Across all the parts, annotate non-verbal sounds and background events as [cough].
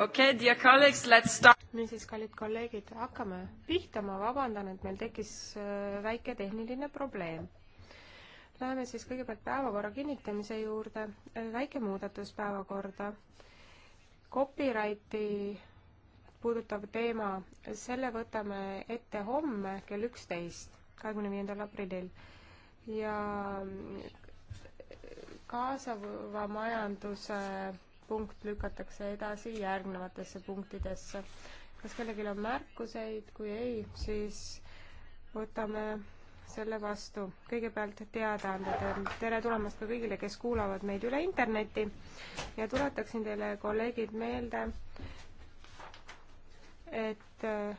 okei okay,, dear colleagues, let's start. niisiis, kallid kolleegid, hakkame pihta, ma vabandan, et meil tekkis äh, väike tehniline probleem. Läheme siis kõigepealt päevakorra kinnitamise juurde, äh, väike muudatus päevakorda. Copyrighti puudutav teema, selle võtame ette homme kell üksteist, kahekümne viiendal aprillil ja äh, kaasava majanduse äh, punkt lükatakse edasi järgnevatesse punktidesse. kas kellelgi on märkuseid, kui ei, siis võtame selle vastu. kõigepealt teadaanded. tere tulemast ka kõigile, kes kuulavad meid üle interneti ja tuletaksin teile, kolleegid, meelde, et äh,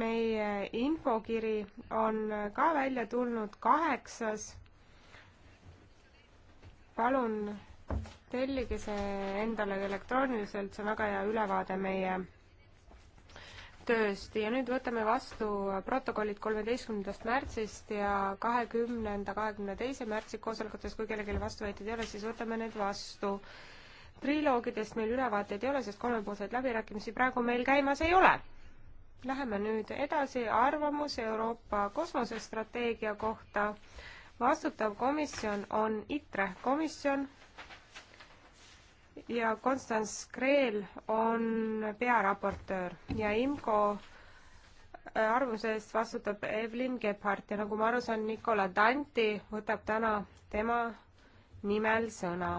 meie infokiri on ka välja tulnud, kaheksas. palun tellige see endale elektrooniliselt, see on väga hea ülevaade meie tööst ja nüüd võtame vastu protokollid kolmeteistkümnendast märtsist ja kahekümnenda, kahekümne teise märtsi koosolekutest, kui kellelgi vastuväiteid ei ole, siis võtame need vastu. triloogidest meil ülevaateid ei ole, sest kolmepoolseid läbirääkimisi praegu meil käimas ei ole Läheme nüüd edasi, arvamus Euroopa kosmosestrateegia kohta. vastutav komisjon on ITRE komisjon ja Konstants Kreel on pearaportöör ja IMCO äh, arvamuse eest vastutab Evelyn Gebhardt ja nagu ma aru saan, Nicola Danti võtab täna tema nimel sõna.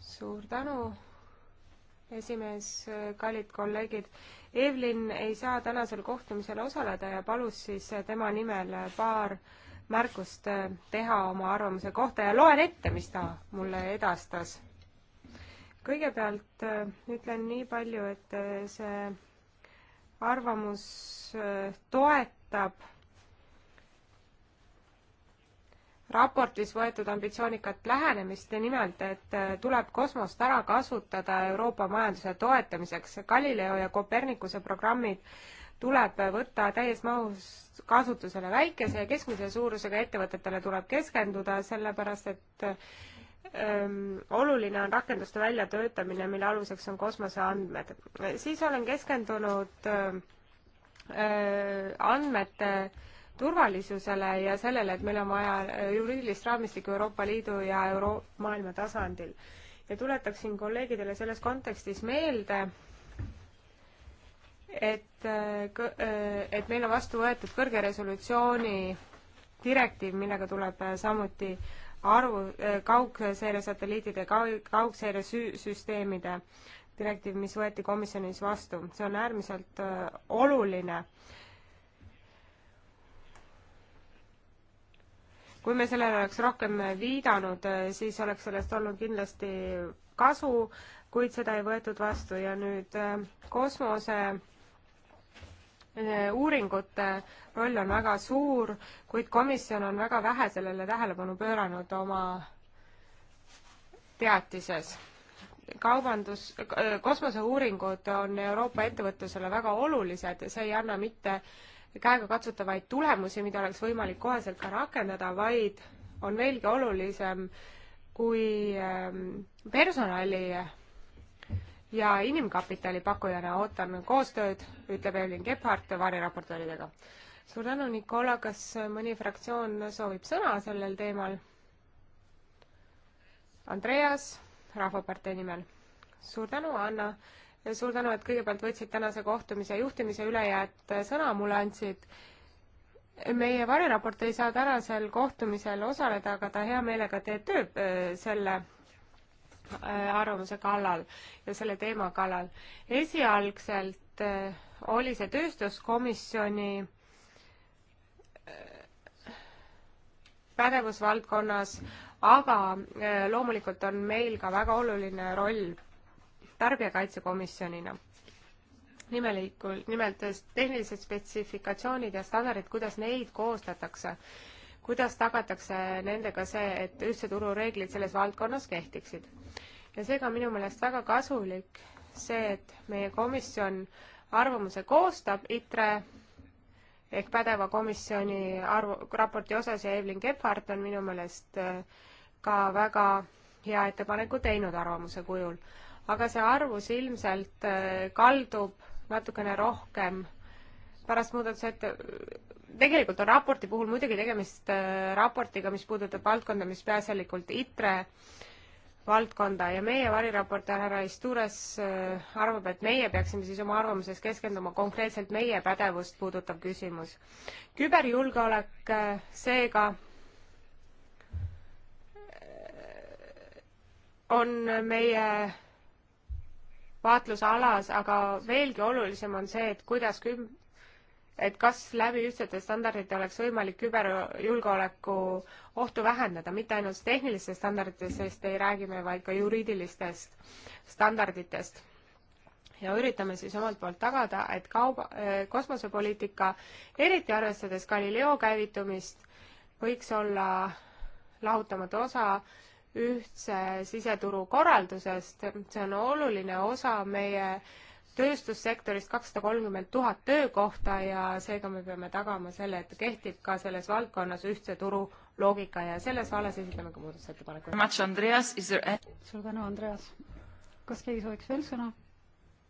suur tänu esimees, kallid kolleegid. Evelyn ei saa tänasel kohtumisel osaleda ja palus siis tema nimel paar märkust teha oma arvamuse kohta ja loen ette, mis ta mulle edastas. kõigepealt äh, ütlen nii palju, et äh, see arvamus äh, toetab raportis võetud ambitsioonikat lähenemist ja nimelt, et äh, tuleb kosmost ära kasutada Euroopa majanduse toetamiseks. Galileo ja Copernicuse programmid tuleb võtta täies mahus kasutusele. väikese ja keskmise suurusega ettevõtetele tuleb keskenduda, sellepärast et ähm, oluline on rakenduste väljatöötamine, mille aluseks on kosmoseandmed. siis olen keskendunud äh, äh andmete äh, turvalisusele ja sellele, et meil on vaja äh, juriidilist raamistikku Euroopa Liidu ja euro-, maailma tasandil. ja tuletaksin kolleegidele selles kontekstis meelde, et, äh, äh, et meil on vastu võetud kõrge resolutsiooni direktiiv, millega tuleb samuti arvu, kaugseire satelliitide, kaugseire süsteemide direktiiv, mis võeti komisjonis vastu. see on äärmiselt oluline kui me sellele oleks rohkem viidanud, eh, siis oleks sellest olnud kindlasti kasu, kuid seda ei võetud vastu ja nüüd eh, kosmose eh, uuringute roll on väga suur, kuid komisjon on väga vähe sellele tähelepanu pööranud oma teatises. kaubandus, kosmoseuuringud on Euroopa ettevõtlusele väga olulised ja see ei anna mitte äh, käegakatsutavaid tulemusi, mida oleks võimalik koheselt ka rakendada, vaid on veelgi olulisem, kui ähm, personali ja inimkapitali pakkujana ootan koostööd, ütleb Evelyn Gebhardt variraportööridega. suur tänu, Nikola, kas mõni fraktsioon soovib sõna sellel teemal? Andreas Rahvapartei nimel. suur tänu, Anna suur tänu, et kõigepealt võtsid tänase kohtumise juhtimise üle ja et sõna mulle andsid. meie variraportöö ei saa tänasel kohtumisel osaleda, aga ta hea meelega teeb tööd äh, selle äh, arvamuse kallal ja selle teema kallal. esialgselt äh, oli see tööstuskomisjoni pädevusvaldkonnas, aga loomulikult on meil ka väga oluline roll tarbijakaitsekomisjonina. nimelikult, nimelt tehnilised spetsifikatsioonid ja standardid, kuidas neid koostatakse, kuidas tagatakse nendega see, et ühtse turu reeglid selles valdkonnas kehtiksid. ja seega on minu meelest väga kasulik see, et meie komisjon arvamuse koostab ITRE ehk pädeva komisjoni arvu, raporti osas ja Evelyn Gebhardt on minu meelest äh, ka väga hea ettepaneku teinud arvamuse kujul aga see arvus ilmselt äh, kaldub natukene rohkem pärast muudatusette, tegelikult on raporti puhul muidugi tegemist äh, raportiga, mis puudutab valdkonda, mis peaasjalikult ITRE valdkonda ja meie variraportöör härra Istures äh, arvab, et meie peaksime siis oma arvamuses keskenduma konkreetselt meie pädevust puudutav küsimus. küberjulgeolek seega on meie vaatlusalas, aga veelgi olulisem on see, et kuidas küm-, et kas läbi ühtsete standardite oleks võimalik küberjulgeoleku ohtu vähendada, mitte ainult tehnilistest standarditest, sest ei räägi me vaid ka juriidilistest standarditest. ja üritame siis omalt poolt tagada, et kauba, eh, kosmosepoliitika, eriti arvestades Galileo käivitumist, võiks olla lahutamatu osa äh, ühtse siseturu korraldusest, see on oluline osa meie tööstussektorist kakssada kolmkümmend tuhat töökohta ja seega me peame tagama selle, et kehtib ka selles valdkonnas ühtse turu loogika ja selles vallas esitame ka muudatusettepaneku. suur tänu, Andreas. kas keegi sooviks veel sõna?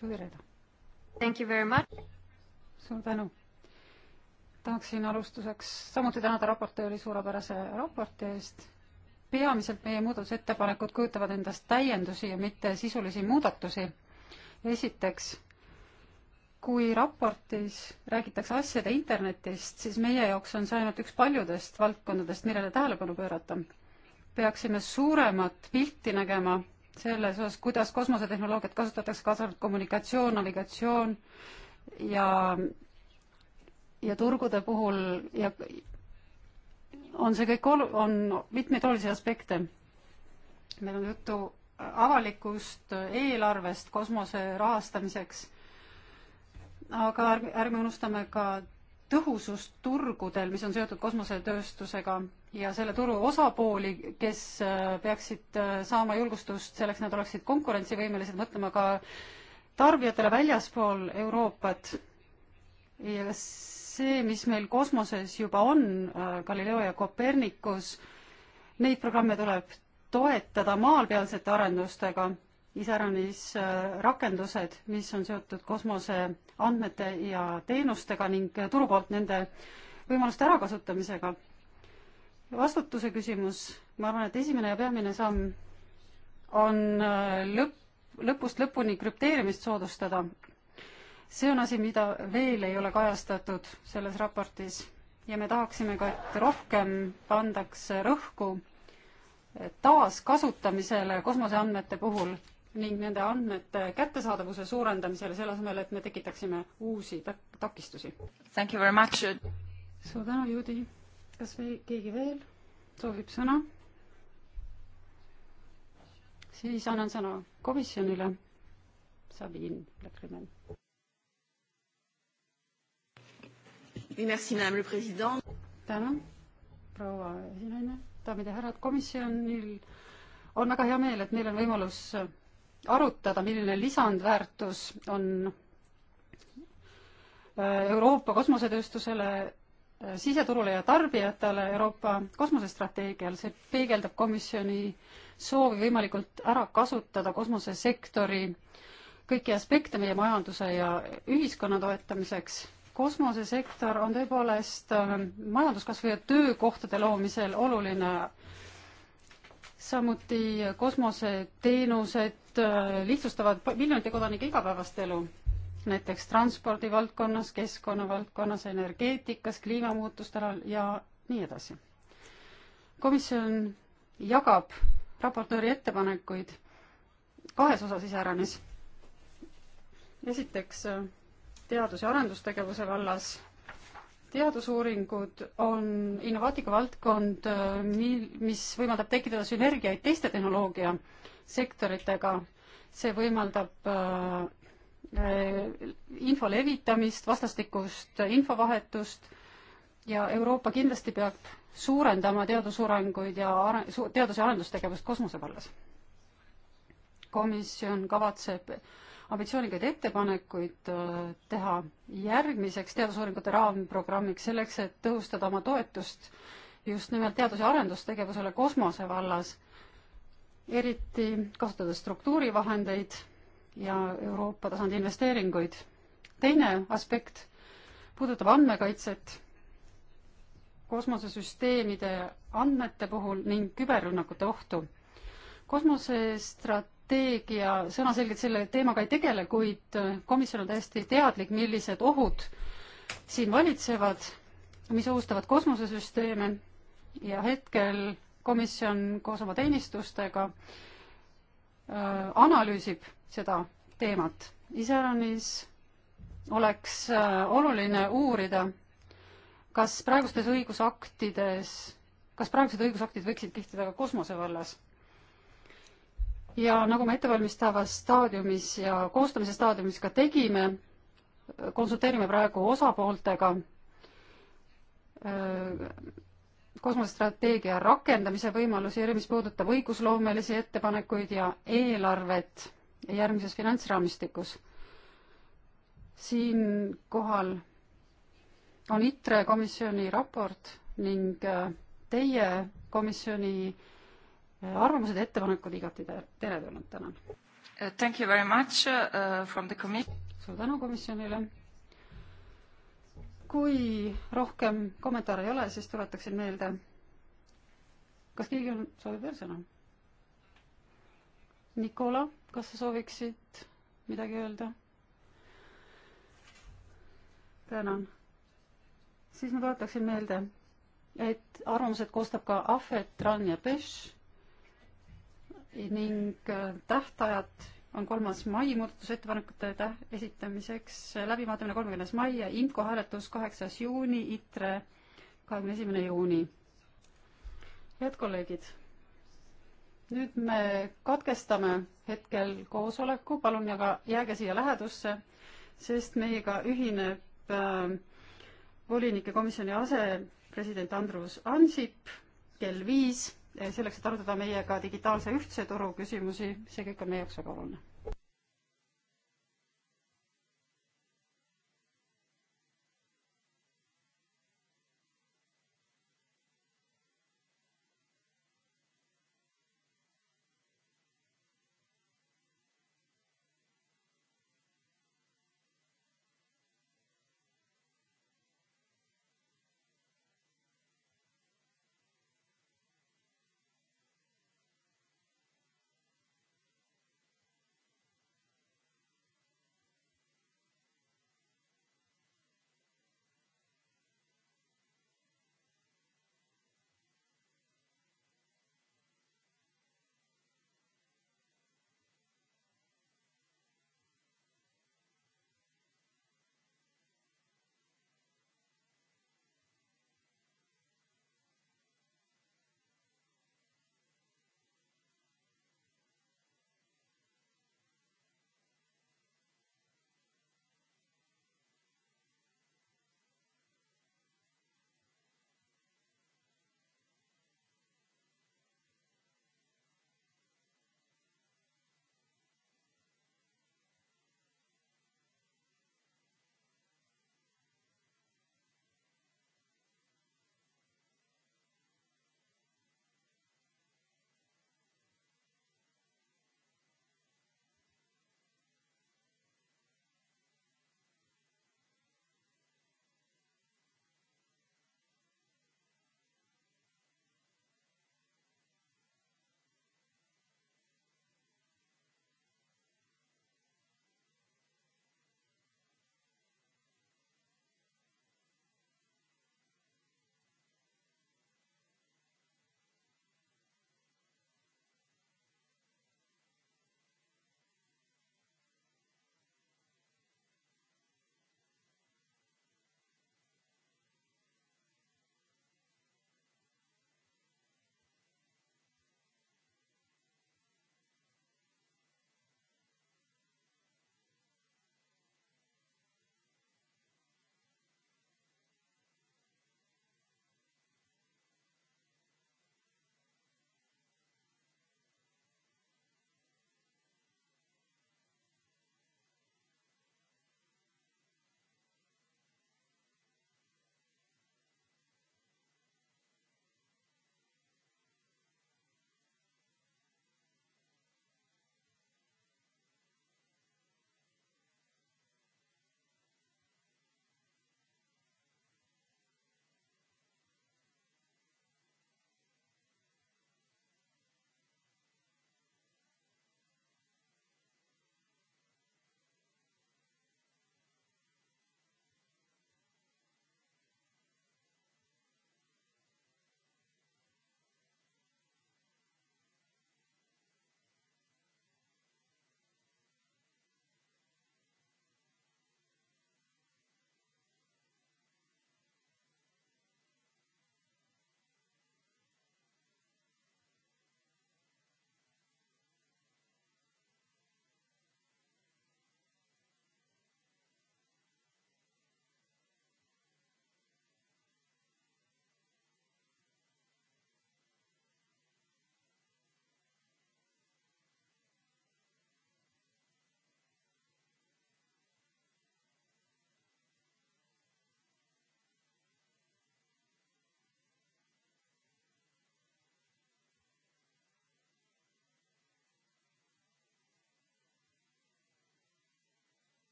Julia Reeda. suur tänu. tahaksin alustuseks samuti tänada raportööri suurepärase raporti eest peamiselt meie muudatusettepanekud kujutavad endast täiendusi ja mitte sisulisi muudatusi. esiteks, kui raportis räägitakse asjade internetist, siis meie jaoks on see ainult üks paljudest valdkondadest, millele tähelepanu pöörata. peaksime suuremat pilti nägema selles osas, kuidas kosmosetehnoloogiat kasutatakse, kaasa arvatud kommunikatsioon, navigatsioon ja ja turgude puhul ja on see kõik olu-, on mitmeid olulisi aspekte. meil on juttu äh, avalikust äh, eelarvest kosmose rahastamiseks, aga ärge, ärme unustame ka tõhusust turgudel, mis on seotud kosmosetööstusega ja selle turu osapooli, kes äh, peaksid saama julgustust selleks, nad oleksid konkurentsivõimelised, mõtlema ka tarbijatele väljaspool Euroopat ja kas see, mis meil kosmoses juba on, äh, Galileo ja Copernicus, neid programme tuleb toetada maalpealsete arendustega, iseäranis äh, rakendused, mis on seotud kosmose andmete ja teenustega ning äh, turu poolt nende võimaluste ärakasutamisega. vastutuse küsimus, ma arvan, et esimene ja peamine samm on lõpp, lõpust lõpuni krüpteerimist soodustada see on asi, mida veel ei ole kajastatud selles raportis ja me tahaksime ka, et rohkem pandaks rõhku eh, taaskasutamisele kosmoseandmete puhul ning nende andmete kättesaadavuse suurendamisele, selle asemel, et me tekitaksime uusi tak-, takistusi. suur tänu, Juudi. kas veel keegi veel soovib sõna? siis annan sõna komisjonile. Sabine Lekrimann. tänan, proua esinaine, daamid ja härrad, komisjonil on väga hea meel, et meil on võimalus arutada, milline lisandväärtus on äh, Euroopa kosmosetööstusele, äh, siseturule ja tarbijatele Euroopa kosmosestrateegial, see peegeldab komisjoni soovi võimalikult ära kasutada kosmosesektori kõiki aspekte meie majanduse ja ühiskonna toetamiseks kosmosesektor on tõepoolest äh, majanduskasvu ja töökohtade loomisel oluline. samuti kosmoseteenused äh, lihtsustavad miljonite kodanike igapäevast elu, näiteks transpordi valdkonnas, keskkonna valdkonnas, energeetikas, kliimamuutuste alal ja nii edasi. komisjon jagab raportööri ettepanekuid kahes osas iseäranis. esiteks äh, teadus- ja arendustegevuse vallas. teadusuuringud on innovaatika valdkond, äh, mil, mis võimaldab tekitada sünergiaid teiste tehnoloogiasektoritega. see võimaldab äh, äh, info levitamist, vastastikust infovahetust ja Euroopa kindlasti peab suurendama teadusuuringuid ja are-, teadus- ja arendustegevust kosmose vallas. komisjon kavatseb ambitsioonikaid ettepanekuid äh, teha järgmiseks teadusuuringute raamprogrammiks, selleks et tõhustada oma toetust just nimelt teadus- ja arendustegevusele kosmose vallas, eriti kasutades struktuurivahendeid ja Euroopa tasandi investeeringuid. teine aspekt puudutab andmekaitset kosmosesüsteemide andmete puhul ning küberrünnakute ohtu. kosmosestrat-, strateegia sõnaselgelt selle teemaga ei tegele, kuid komisjon on täiesti teadlik, millised ohud siin valitsevad, mis ohustavad kosmosesüsteeme ja hetkel komisjon koos oma teenistustega öö, äh, analüüsib seda teemat. iseäranis oleks öö, äh, oluline uurida, kas praegustes õigusaktides, kas praegused õigusaktid võiksid kehtida ka kosmose vallas ja nagu me ettevalmistavas staadiumis ja koostamise staadiumis ka tegime, konsulteerime praegu osapooltega äh, kosmosestrateegia rakendamise võimalusi, mis puudutab õigusloomelisi ettepanekuid ja eelarvet järgmises finantsraamistikus. siinkohal on ITRE komisjoni raport ning äh, teie komisjoni äh, Äh, arvamused ja ettepanekud igati teretulnud, tänan. Uh, thank you very much uh, uh from the commission. suur tänu komisjonile. kui rohkem kommentaare ei ole, siis tuletaksin meelde. kas keegi on, soovib veel sõna? Nikola, kas sa sooviksid midagi öelda? tänan. siis ma tuletaksin meelde, et arvamused koostab ka Ahvet, Tran ja Pesh ning äh, tähtajad on kolmas mai muudatusettepanekute täh-, esitamiseks, äh, läbivaatamine kolmekümnes mai ja IMCO hääletus kaheksas juuni, ITRE kahekümne esimene juuni. head kolleegid, nüüd me katkestame hetkel koosoleku, palun jaga, jääge siia lähedusse, sest meiega ühineb äh, volinike komisjoni asepresident Andrus Ansip kell viis selleks, et arutada meiega digitaalse ühtse turu küsimusi, see kõik on meie jaoks väga oluline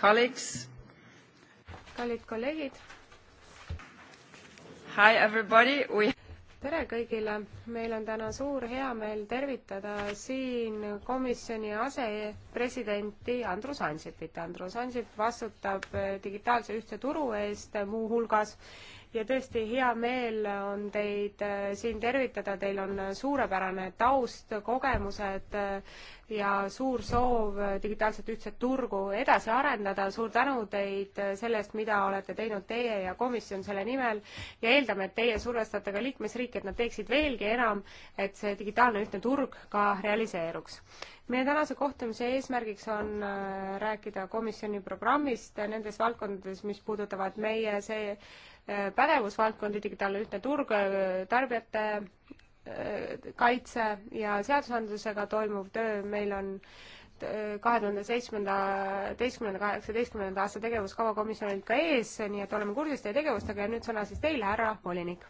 colleagues. kallid kolleegid. Hi everybody, we tere kõigile, meil on täna suur heameel tervitada siin komisjoni asepresidenti Andrus Ansipit. Andrus Ansip vastutab digitaalse ühtse turu eest muuhulgas ja tõesti hea meel on teid äh, siin tervitada, teil on äh, suurepärane taust, kogemused äh, ja suur soov digitaalset ühtset turgu edasi arendada. suur tänu teid selle eest, mida olete teinud teie ja komisjon selle nimel ja eeldame, et teie survestate ka liikmesriike, et nad teeksid veelgi enam, et see digitaalne ühtne turg ka realiseeruks. meie tänase kohtumise eesmärgiks on rääkida komisjoni programmist nendes valdkondades, mis puudutavad meie see Äh, pädevusvaldkondi, digitaalne ühtne turg, äh, tarbijate äh, kaitse ja seadusandlusega toimuv töö, meil on kahe tuhande seitsmenda, teistkümnenda, kaheksateistkümnenda aasta tegevuskava komisjonilt ka ees, nii et oleme kursis teie tegevustega ja nüüd sõna siis teile, härra volinik.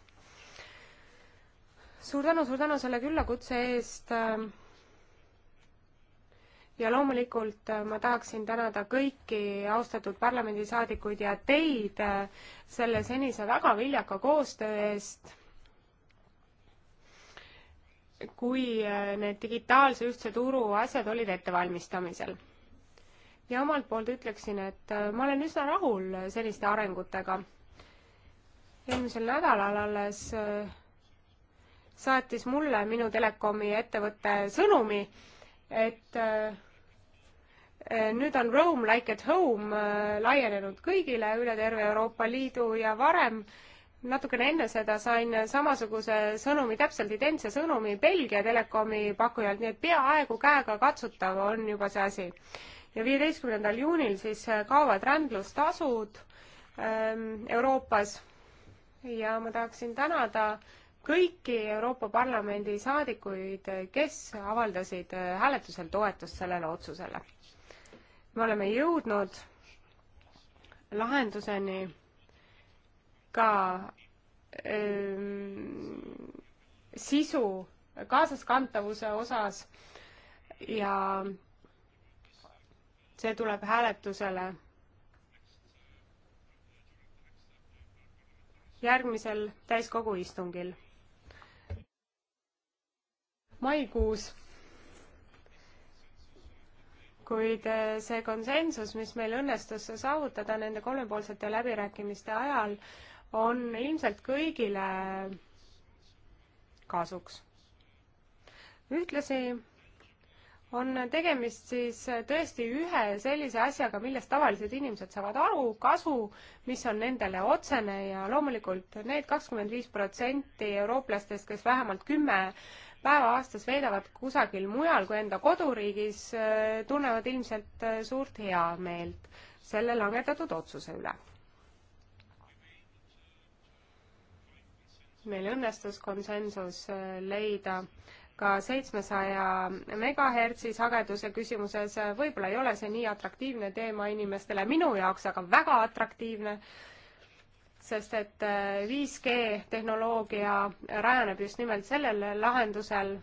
suur tänu, suur tänu selle küllakutse eest äh, ja loomulikult äh, ma tahaksin tänada kõiki austatud parlamendisaadikuid ja teid äh, selle senise väga viljaka koostöö eest. kui äh, need digitaalse ühtse turu asjad olid ettevalmistamisel. ja omalt poolt ütleksin, et ma olen üsna rahul seniste arengutega. eelmisel nädalal alles saatis mulle minu telekomi ettevõte sõnumi, et äh, Eh, nüüd on Roam like at home eh, laienenud kõigile üle terve Euroopa Liidu ja varem natukene enne seda sain samasuguse sõnumi, täpselt identse sõnumi Belgia telekomi pakkujalt, nii et peaaegu käegakatsutav on juba see asi. ja viieteistkümnendal juunil siis eh, kaovad rändlustasud ähm, Euroopas ja ma tahaksin tänada kõiki Euroopa Parlamendi saadikuid, kes avaldasid hääletusel toetust sellele otsusele me oleme jõudnud lahenduseni ka öö, ähm, sisu kaasaskantavuse osas ja see tuleb hääletusele järgmisel täiskogu istungil. maikuus kuid äh, see konsensus, mis meil õnnestus saavutada nende kolmepoolsete läbirääkimiste ajal, on ilmselt kõigile kasuks. ühtlasi on tegemist siis tõesti ühe sellise asjaga, millest tavalised inimesed saavad aru, kasu, mis on nendele otsene ja loomulikult need kakskümmend viis protsenti eurooplastest, kes vähemalt kümme päeva aastas veedavad kusagil mujal kui enda koduriigis, äh, tunnevad ilmselt äh, suurt heameelt selle langetatud otsuse üle. meil õnnestus konsensus äh, leida ka seitsmesaja megahertsi sageduse küsimuses, võib-olla ei ole see nii atraktiivne teema inimestele, minu jaoks aga väga atraktiivne äh, sest et 5G äh, tehnoloogia rajaneb just nimelt sellel lahendusel.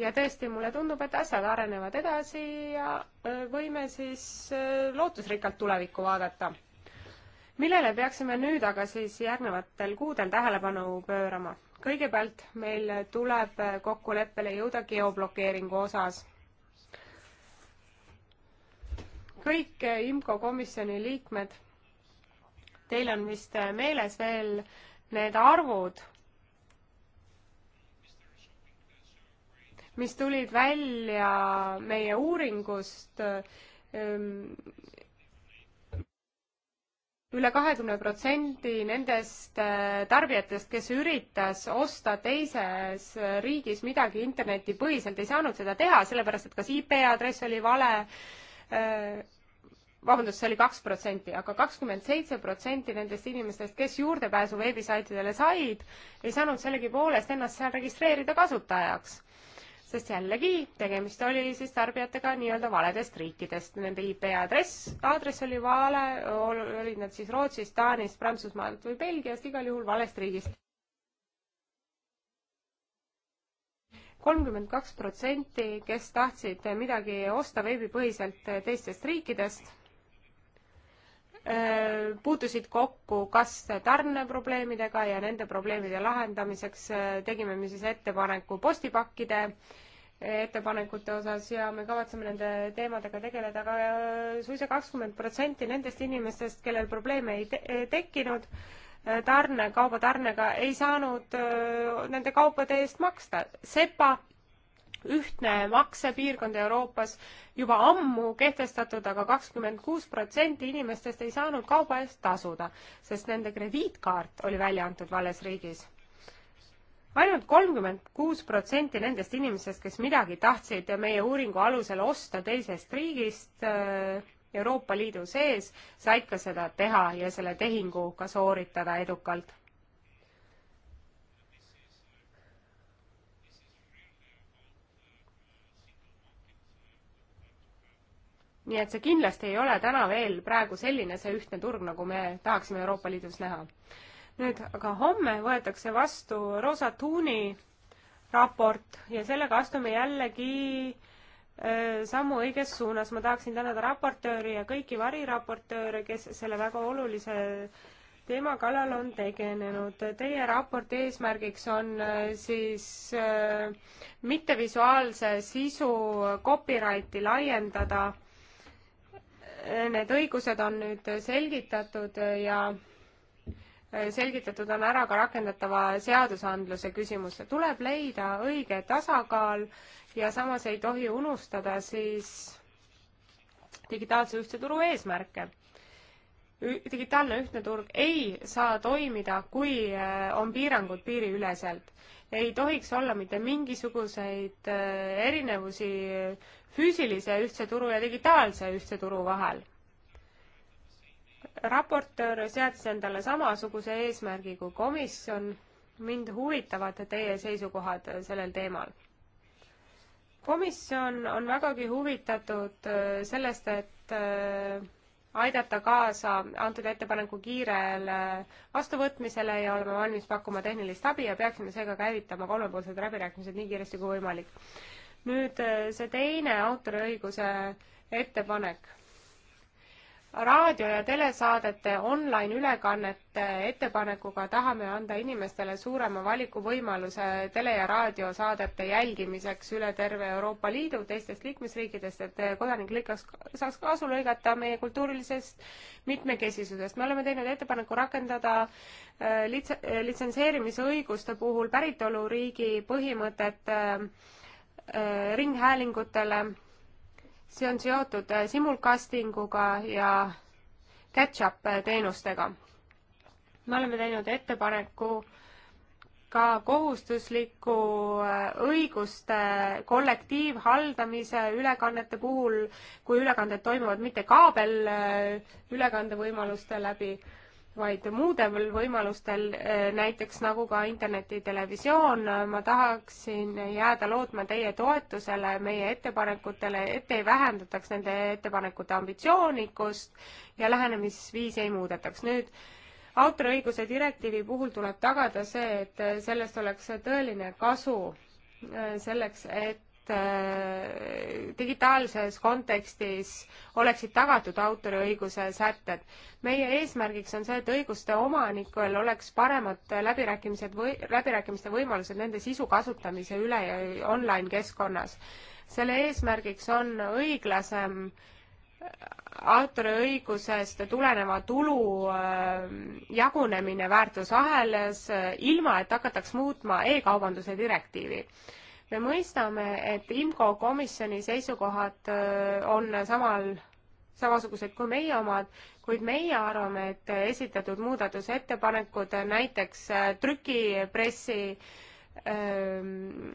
ja tõesti, mulle tundub, et asjad arenevad edasi ja äh, võime siis äh, lootusrikkalt tulevikku vaadata. millele peaksime nüüd aga siis järgnevatel kuudel tähelepanu pöörama? kõigepealt meil tuleb kokkuleppele jõuda geoblokeeringu osas kõik IMCO komisjoni liikmed Teil on vist äh, meeles veel need arvud, mis tulid välja meie uuringust ähm, üle kahekümne protsendi nendest äh, tarbijatest, kes üritas osta teises riigis midagi internetipõhiselt, ei saanud seda teha, sellepärast et kas IP aadress oli vale äh, vabandust, see oli kaks protsenti, aga kakskümmend seitse protsenti nendest inimestest, kes juurdepääsu veebisaitidele said, ei saanud sellegipoolest ennast seal registreerida kasutajaks. sest jällegi, tegemist oli siis tarbijatega nii-öelda valedest riikidest, nende IP aadress, aadress oli vale, olid nad siis Rootsist, Taanist, Prantsusmaalt või Belgiast, igal juhul valest riigist. kolmkümmend kaks protsenti, kes tahtsid midagi osta veebipõhiselt teistest riikidest puutusid kokku kas tarneprobleemidega ja nende probleemide lahendamiseks tegime me siis ettepaneku postipakkide ettepanekute osas ja me kavatseme nende teemadega tegeleda ka suisa kakskümmend protsenti nendest inimestest, kellel probleeme ei te tekkinud tarne, kauba tarnega, ei saanud nende kaupade eest maksta. sepa ühtne maksepiirkond Euroopas juba ammu kehtestatud aga, aga kakskümmend kuus protsenti inimestest ei saanud kauba eest tasuda, sest nende krediitkaart oli välja antud vales riigis ainult kolmkümmend kuus protsenti nendest inimestest, kes midagi tahtsid meie uuringu alusel osta teisest riigist äh, Euroopa Liidu sees, said ka seda teha ja selle tehingu ka sooritada edukalt nii et see kindlasti ei ole täna veel praegu selline see ühtne turg, nagu me tahaksime Euroopa Liidus näha. nüüd aga homme võetakse vastu Rosa Tuuni raport ja sellega astume jällegi öö, sammu õiges suunas. ma tahaksin tänada raportööri ja kõiki variraportööre, kes selle väga olulise teema kallal on tegelenud. Teie raporti eesmärgiks on siis mittevisuaalse sisu copyrighti laiendada need õigused on nüüd selgitatud ja selgitatud on ära ka rakendatava seadusandluse küsimus. tuleb leida õige tasakaal ja samas ei tohi unustada siis digitaalse ühtse turu eesmärke. digitaalne ühtne turg ei saa toimida, kui äh, on piirangud piiriüleselt. ei tohiks olla mitte mingisuguseid äh, erinevusi füüsilise ühtse turu ja digitaalse ühtse turu vahel. raportöör seadis endale samasuguse eesmärgi kui komisjon. mind huvitavad teie seisukohad sellel teemal. komisjon on vägagi huvitatud sellest, et äh, aidata kaasa antud ettepaneku kiirele vastuvõtmisele ja oleme valmis pakkuma tehnilist abi ja peaksime seega käivitama kolmepoolsed läbirääkimised nii kiiresti kui võimalik nüüd äh, see teine autoriõiguse ettepanek. raadio- ja telesaadete online-ülekannete ettepanekuga tahame anda inimestele suurema valikuvõimaluse tele- ja raadiosaadete jälgimiseks üle terve Euroopa Liidu teistest liikmesriikidest, et äh, kodanik lõikaks, saaks kasu lõigata meie kultuurilisest mitmekesisusest. me oleme teinud ettepaneku rakendada äh, litse-, litsenseerimisõiguste puhul päritoluriigi põhimõtet äh, Äh, ringhäälingutele. see on seotud äh, simulcastinguga ja catch-up äh, teenustega. me oleme teinud ettepaneku ka kohustusliku õiguste kollektiivhaldamise ülekannete puhul, kui ülekanded toimuvad mitte kaabelülekandevõimaluste läbi vaid muudel võimalustel, eh, näiteks nagu ka internetitelevisioon, ma tahaksin jääda lootma teie toetusele, meie ettepanekutele, et ei vähendataks nende ettepanekute ambitsioonikust ja lähenemisviisi ei muudetaks. nüüd autoriõiguse direktiivi puhul tuleb tagada see, et sellest oleks tõeline kasu eh, selleks, et Äh, digitaalses kontekstis oleksid tagatud autoriõiguse sätted. meie eesmärgiks on see, et õiguste omanikul oleks paremad läbirääkimised või läbirääkimiste võimalused nende sisu kasutamise üle online keskkonnas. selle eesmärgiks on õiglasem äh, autoriõigusest tuleneva tulu äh, jagunemine väärtusahelas, ilma et hakataks muutma e-kaubanduse direktiivi me mõistame, et IMCO komisjoni seisukohad äh, on samal, samasugused kui meie omad, kuid meie arvame, et esitatud muudatusettepanekud näiteks äh, trükipressi ähm,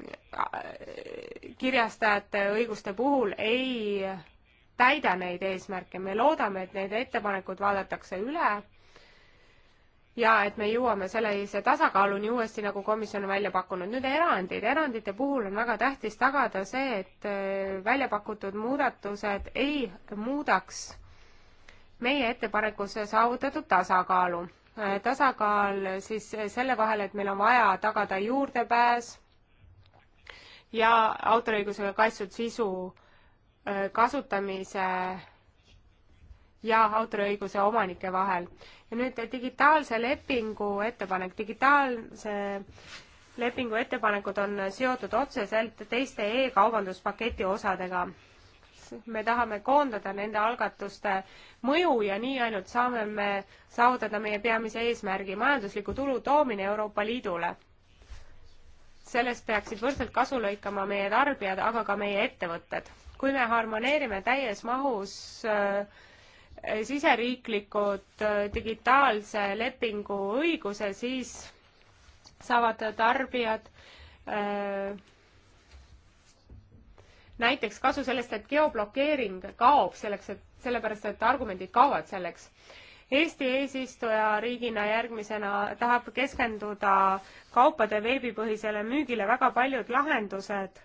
kirjastajate õiguste puhul ei täida neid eesmärke, me loodame, et need ettepanekud vaadatakse üle ja et me jõuame sellise tasakaaluni uuesti, nagu komisjon on välja pakkunud. nüüd erandid, erandite puhul on väga tähtis tagada see, et äh, välja pakutud muudatused ei muudaks meie ettepanekus saavutatud tasakaalu. Äh, tasakaal siis selle vahel, et meil on vaja tagada juurdepääs ja autoriõigusega kaitstud sisu äh, kasutamise ja autoriõiguse omanike vahel. ja nüüd digitaalse lepingu ettepanek, digitaalse lepingu ettepanekud on seotud otseselt teiste e-kaubanduspaketi osadega. me tahame koondada nende algatuste mõju ja nii ainult saame me saavutada meie peamise eesmärgi, majandusliku tulu toomine Euroopa Liidule. sellest peaksid võrdselt kasu lõikama meie tarbijad, aga ka meie ettevõtted. kui me harmoneerime täies mahus äh, siseriiklikud äh, digitaalse lepingu õiguse, siis saavad tarbijad öö, äh, näiteks kasu sellest, et geoblokeering kaob selleks, et sellepärast, et argumendid kaovad selleks. Eesti eesistuja riigina järgmisena tahab keskenduda kaupade veebipõhisele müügile, väga paljud lahendused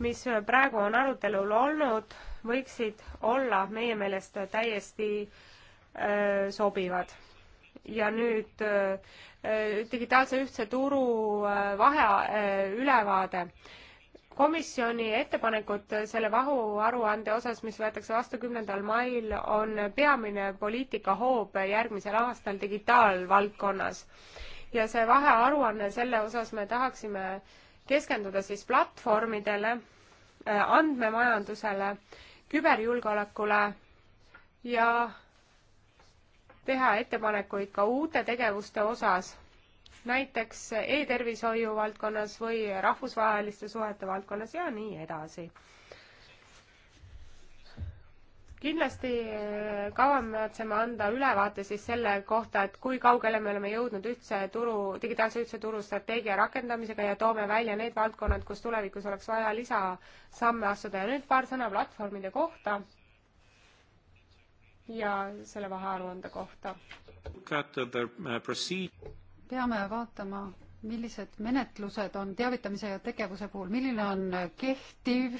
mis praegu on arutelul olnud, võiksid olla meie meelest täiesti öö, äh, sobivad. ja nüüd öö, äh, digitaalse ühtse turu äh, vahe ülevaade komisjoni ettepanekud selle vahuaruande osas, mis võetakse vastu kümnendal mail, on peamine poliitikahoob järgmisel aastal digitaalvaldkonnas. ja see vahearuanne, selle osas me tahaksime äh, keskenduda siis platvormidele, äh, andmemajandusele, küberjulgeolekule ja teha ettepanekuid ka uute tegevuste osas, näiteks e-tervishoiu valdkonnas või rahvusvaheliste suhete valdkonnas ja nii edasi kindlasti äh, kavatseme anda ülevaate siis selle kohta, et kui kaugele me oleme jõudnud ühtse turu, digitaalse ühtse turu strateegia rakendamisega ja toome välja need valdkonnad, kus tulevikus oleks vaja lisasamme astuda ja nüüd paar sõna platvormide kohta ja selle vahearuande kohta. peame vaatama, millised menetlused on teavitamise ja tegevuse puhul, milline on kehtiv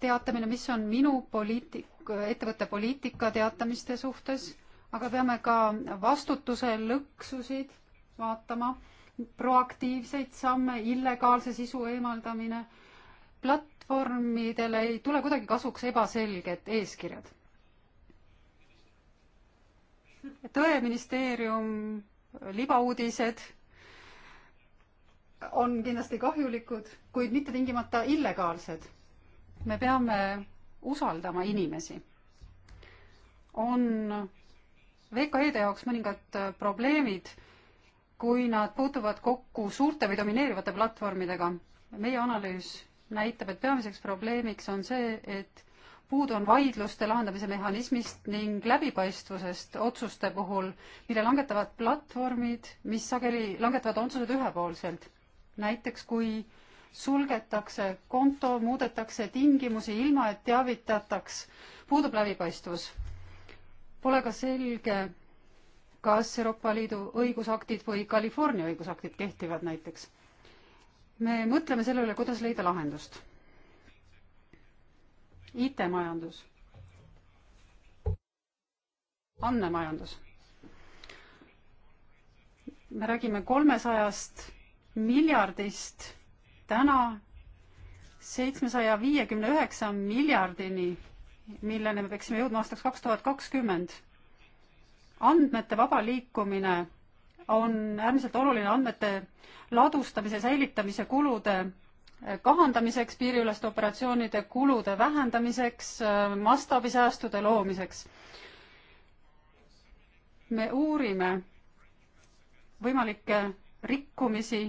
teatamine, mis on minu poliitik-, ettevõtte poliitika teatamiste suhtes, aga peame ka vastutuse lõksusid vaatama, proaktiivseid samme, illegaalse sisu eemaldamine. platvormidele ei tule kuidagi kasuks ebaselged eeskirjad. tõeministeerium, libauudised on kindlasti kahjulikud, kuid mitte tingimata illegaalsed. me peame usaldama inimesi. on VKE-de jaoks mõningad äh, probleemid, kui nad puutuvad kokku suurte või domineerivate platvormidega. meie analüüs näitab, et peamiseks probleemiks on see, et puudu on vaidluste lahendamise mehhanismist ning läbipaistvusest otsuste puhul, mille langetavad platvormid, mis sageli langetavad otsused ühepoolselt. näiteks kui sulgetakse konto, muudetakse tingimusi, ilma et teavitataks, puudub läbipaistvus. Pole ka selge, kas Euroopa Liidu õigusaktid või California õigusaktid kehtivad näiteks. me mõtleme selle üle, kuidas leida lahendust. IT-majandus. andmemajandus. me räägime kolmesajast miljardist täna seitsmesaja viiekümne üheksa miljardini, milleni me peaksime jõudma aastaks kaks tuhat kakskümmend. andmete vaba liikumine on äärmiselt oluline andmete ladustamise, säilitamise kulude eh, kahandamiseks, piiriüleste operatsioonide kulude vähendamiseks, eh, mastaabisäästude loomiseks. me uurime võimalikke rikkumisi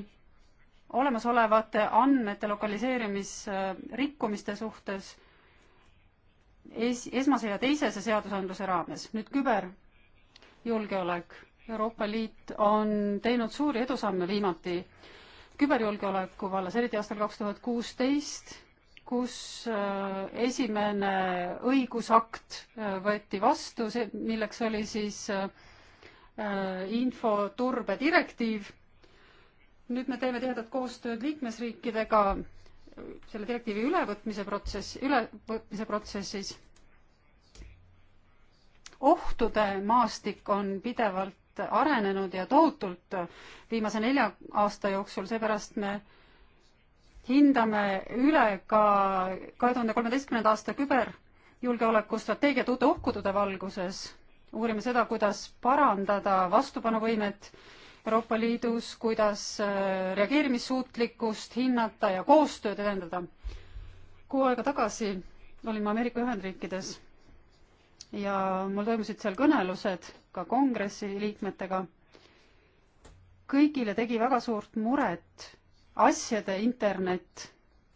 olemasolevate andmete lokaliseerimisrikkumiste suhtes es-, esmase ja teisese seadusandluse raames. nüüd küberjulgeolek. Euroopa Liit on teinud suuri edusamme viimati küberjulgeoleku vallas, eriti aastal kaks tuhat kuusteist, kus äh, esimene õigusakt äh, võeti vastu, see, milleks oli siis äh, infoturbe direktiiv nüüd me teeme tihedat koostööd liikmesriikidega selle direktiivi ülevõtmise protsess, ülevõtmise protsessis. ohtude maastik on pidevalt arenenud ja tohutult viimase nelja aasta jooksul, seepärast me hindame üle ka kahe tuhande kolmeteistkümnenda aasta küberjulgeolekustrateegiat uute ohkudude valguses. uurime seda, kuidas parandada vastupanuvõimet Euroopa Liidus, kuidas äh, reageerimissuutlikkust hinnata ja koostööd edendada. Kuu aega tagasi olin ma Ameerika Ühendriikides ja mul toimusid seal kõnelused ka kongressi liikmetega. kõigile tegi väga suurt muret asjade internet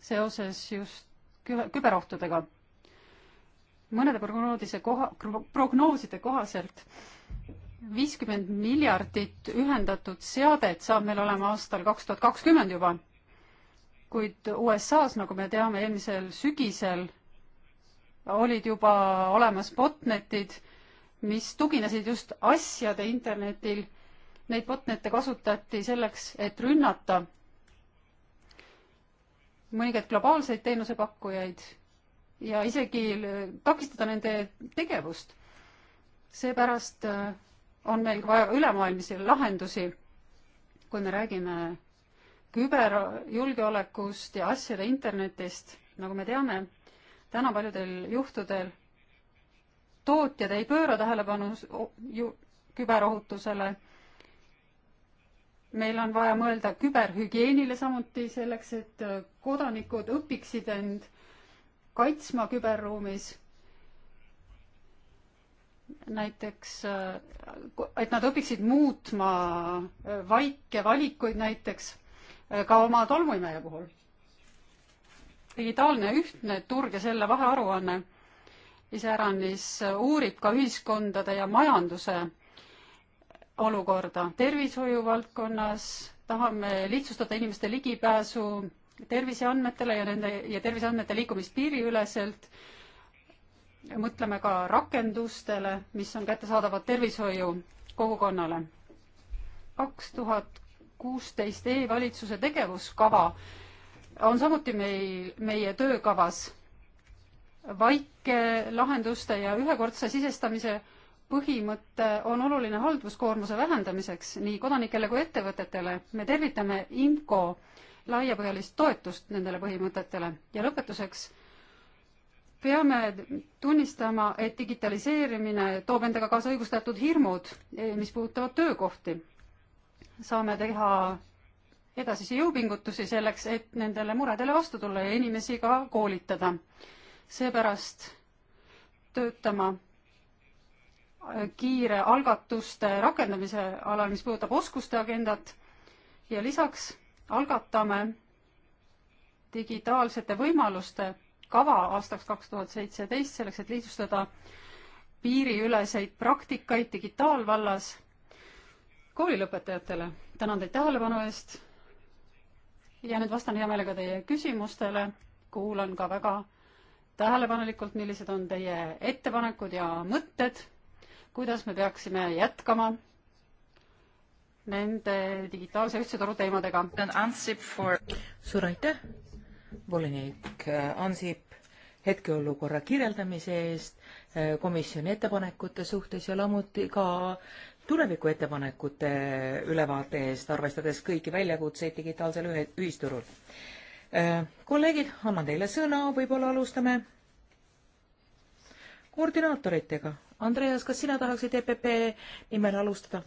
seoses just küberohtudega mõnede prognoodise koha, prognooside kohaselt viiskümmend miljardit ühendatud seadet saab meil olema aastal kaks tuhat kakskümmend juba. kuid USA-s, nagu me teame, eelmisel sügisel olid juba olemas botnetid, mis tuginesid just asjade internetil. Neid botnette kasutati selleks, et rünnata mõningaid globaalseid teenusepakkujaid ja isegi takistada nende tegevust. seepärast äh, on meil vaja ülemaailmsi lahendusi, kui me räägime küberjulgeolekust ja asjade internetist, nagu me teame, täna paljudel juhtudel tootjad ei pööra tähelepanu ju küberohutusele. meil on vaja mõelda küberhügieenile samuti selleks, et kodanikud õpiksid end kaitsma küberruumis näiteks, äh, et nad õpiksid muutma äh, vaike valikuid näiteks äh, ka oma tolmuimeja puhul. digitaalne ühtne turg ja selle vahearuanne iseäranis uurib ka ühiskondade ja majanduse olukorda. tervishoiu valdkonnas tahame lihtsustada inimeste ligipääsu terviseandmetele ja nende ja terviseandmete liikumist piiriüleselt mõtleme ka rakendustele, mis on kättesaadavad tervishoiu kogukonnale. kaks tuhat kuusteist e-valitsuse tegevuskava on samuti meil, meie töökavas vaike lahenduste ja ühekordse sisestamise põhimõte on oluline halduskoormuse vähendamiseks nii kodanikele kui ettevõtetele. me tervitame IMCO laiapõhjalist toetust nendele põhimõtetele ja lõpetuseks peame tunnistama, et digitaliseerimine toob endaga kaasa õigustatud hirmud, eh, mis puudutavad töökohti. saame teha edasisi jõupingutusi selleks, et nendele muredele vastu tulla ja inimesi ka koolitada. seepärast töötama eh, kiire algatuste rakendamise alal, mis puudutab oskuste agendat ja lisaks algatame digitaalsete võimaluste kava aastaks kaks tuhat seitseteist, selleks et lihtsustada piiriüleseid praktikaid digitaalvallas koolilõpetajatele. tänan teid tähelepanu eest ja nüüd vastan hea meelega teie küsimustele, kuulan ka väga tähelepanelikult, millised on teie ettepanekud ja mõtted, kuidas me peaksime jätkama nende digitaalse ühtse toru teemadega. suur aitäh volinik äh, Ansip hetkeolukorra kirjeldamise eest äh, komisjoni ettepanekute suhtes ja lammuti ka tulevikuettepanekute ülevaate eest, arvestades kõiki väljakutseid digitaalsel ühisturul. Äh, kolleegid, annan teile sõna, võib-olla alustame koordinaatoritega. Andreas, kas sina tahaksid EPP nimel alustada?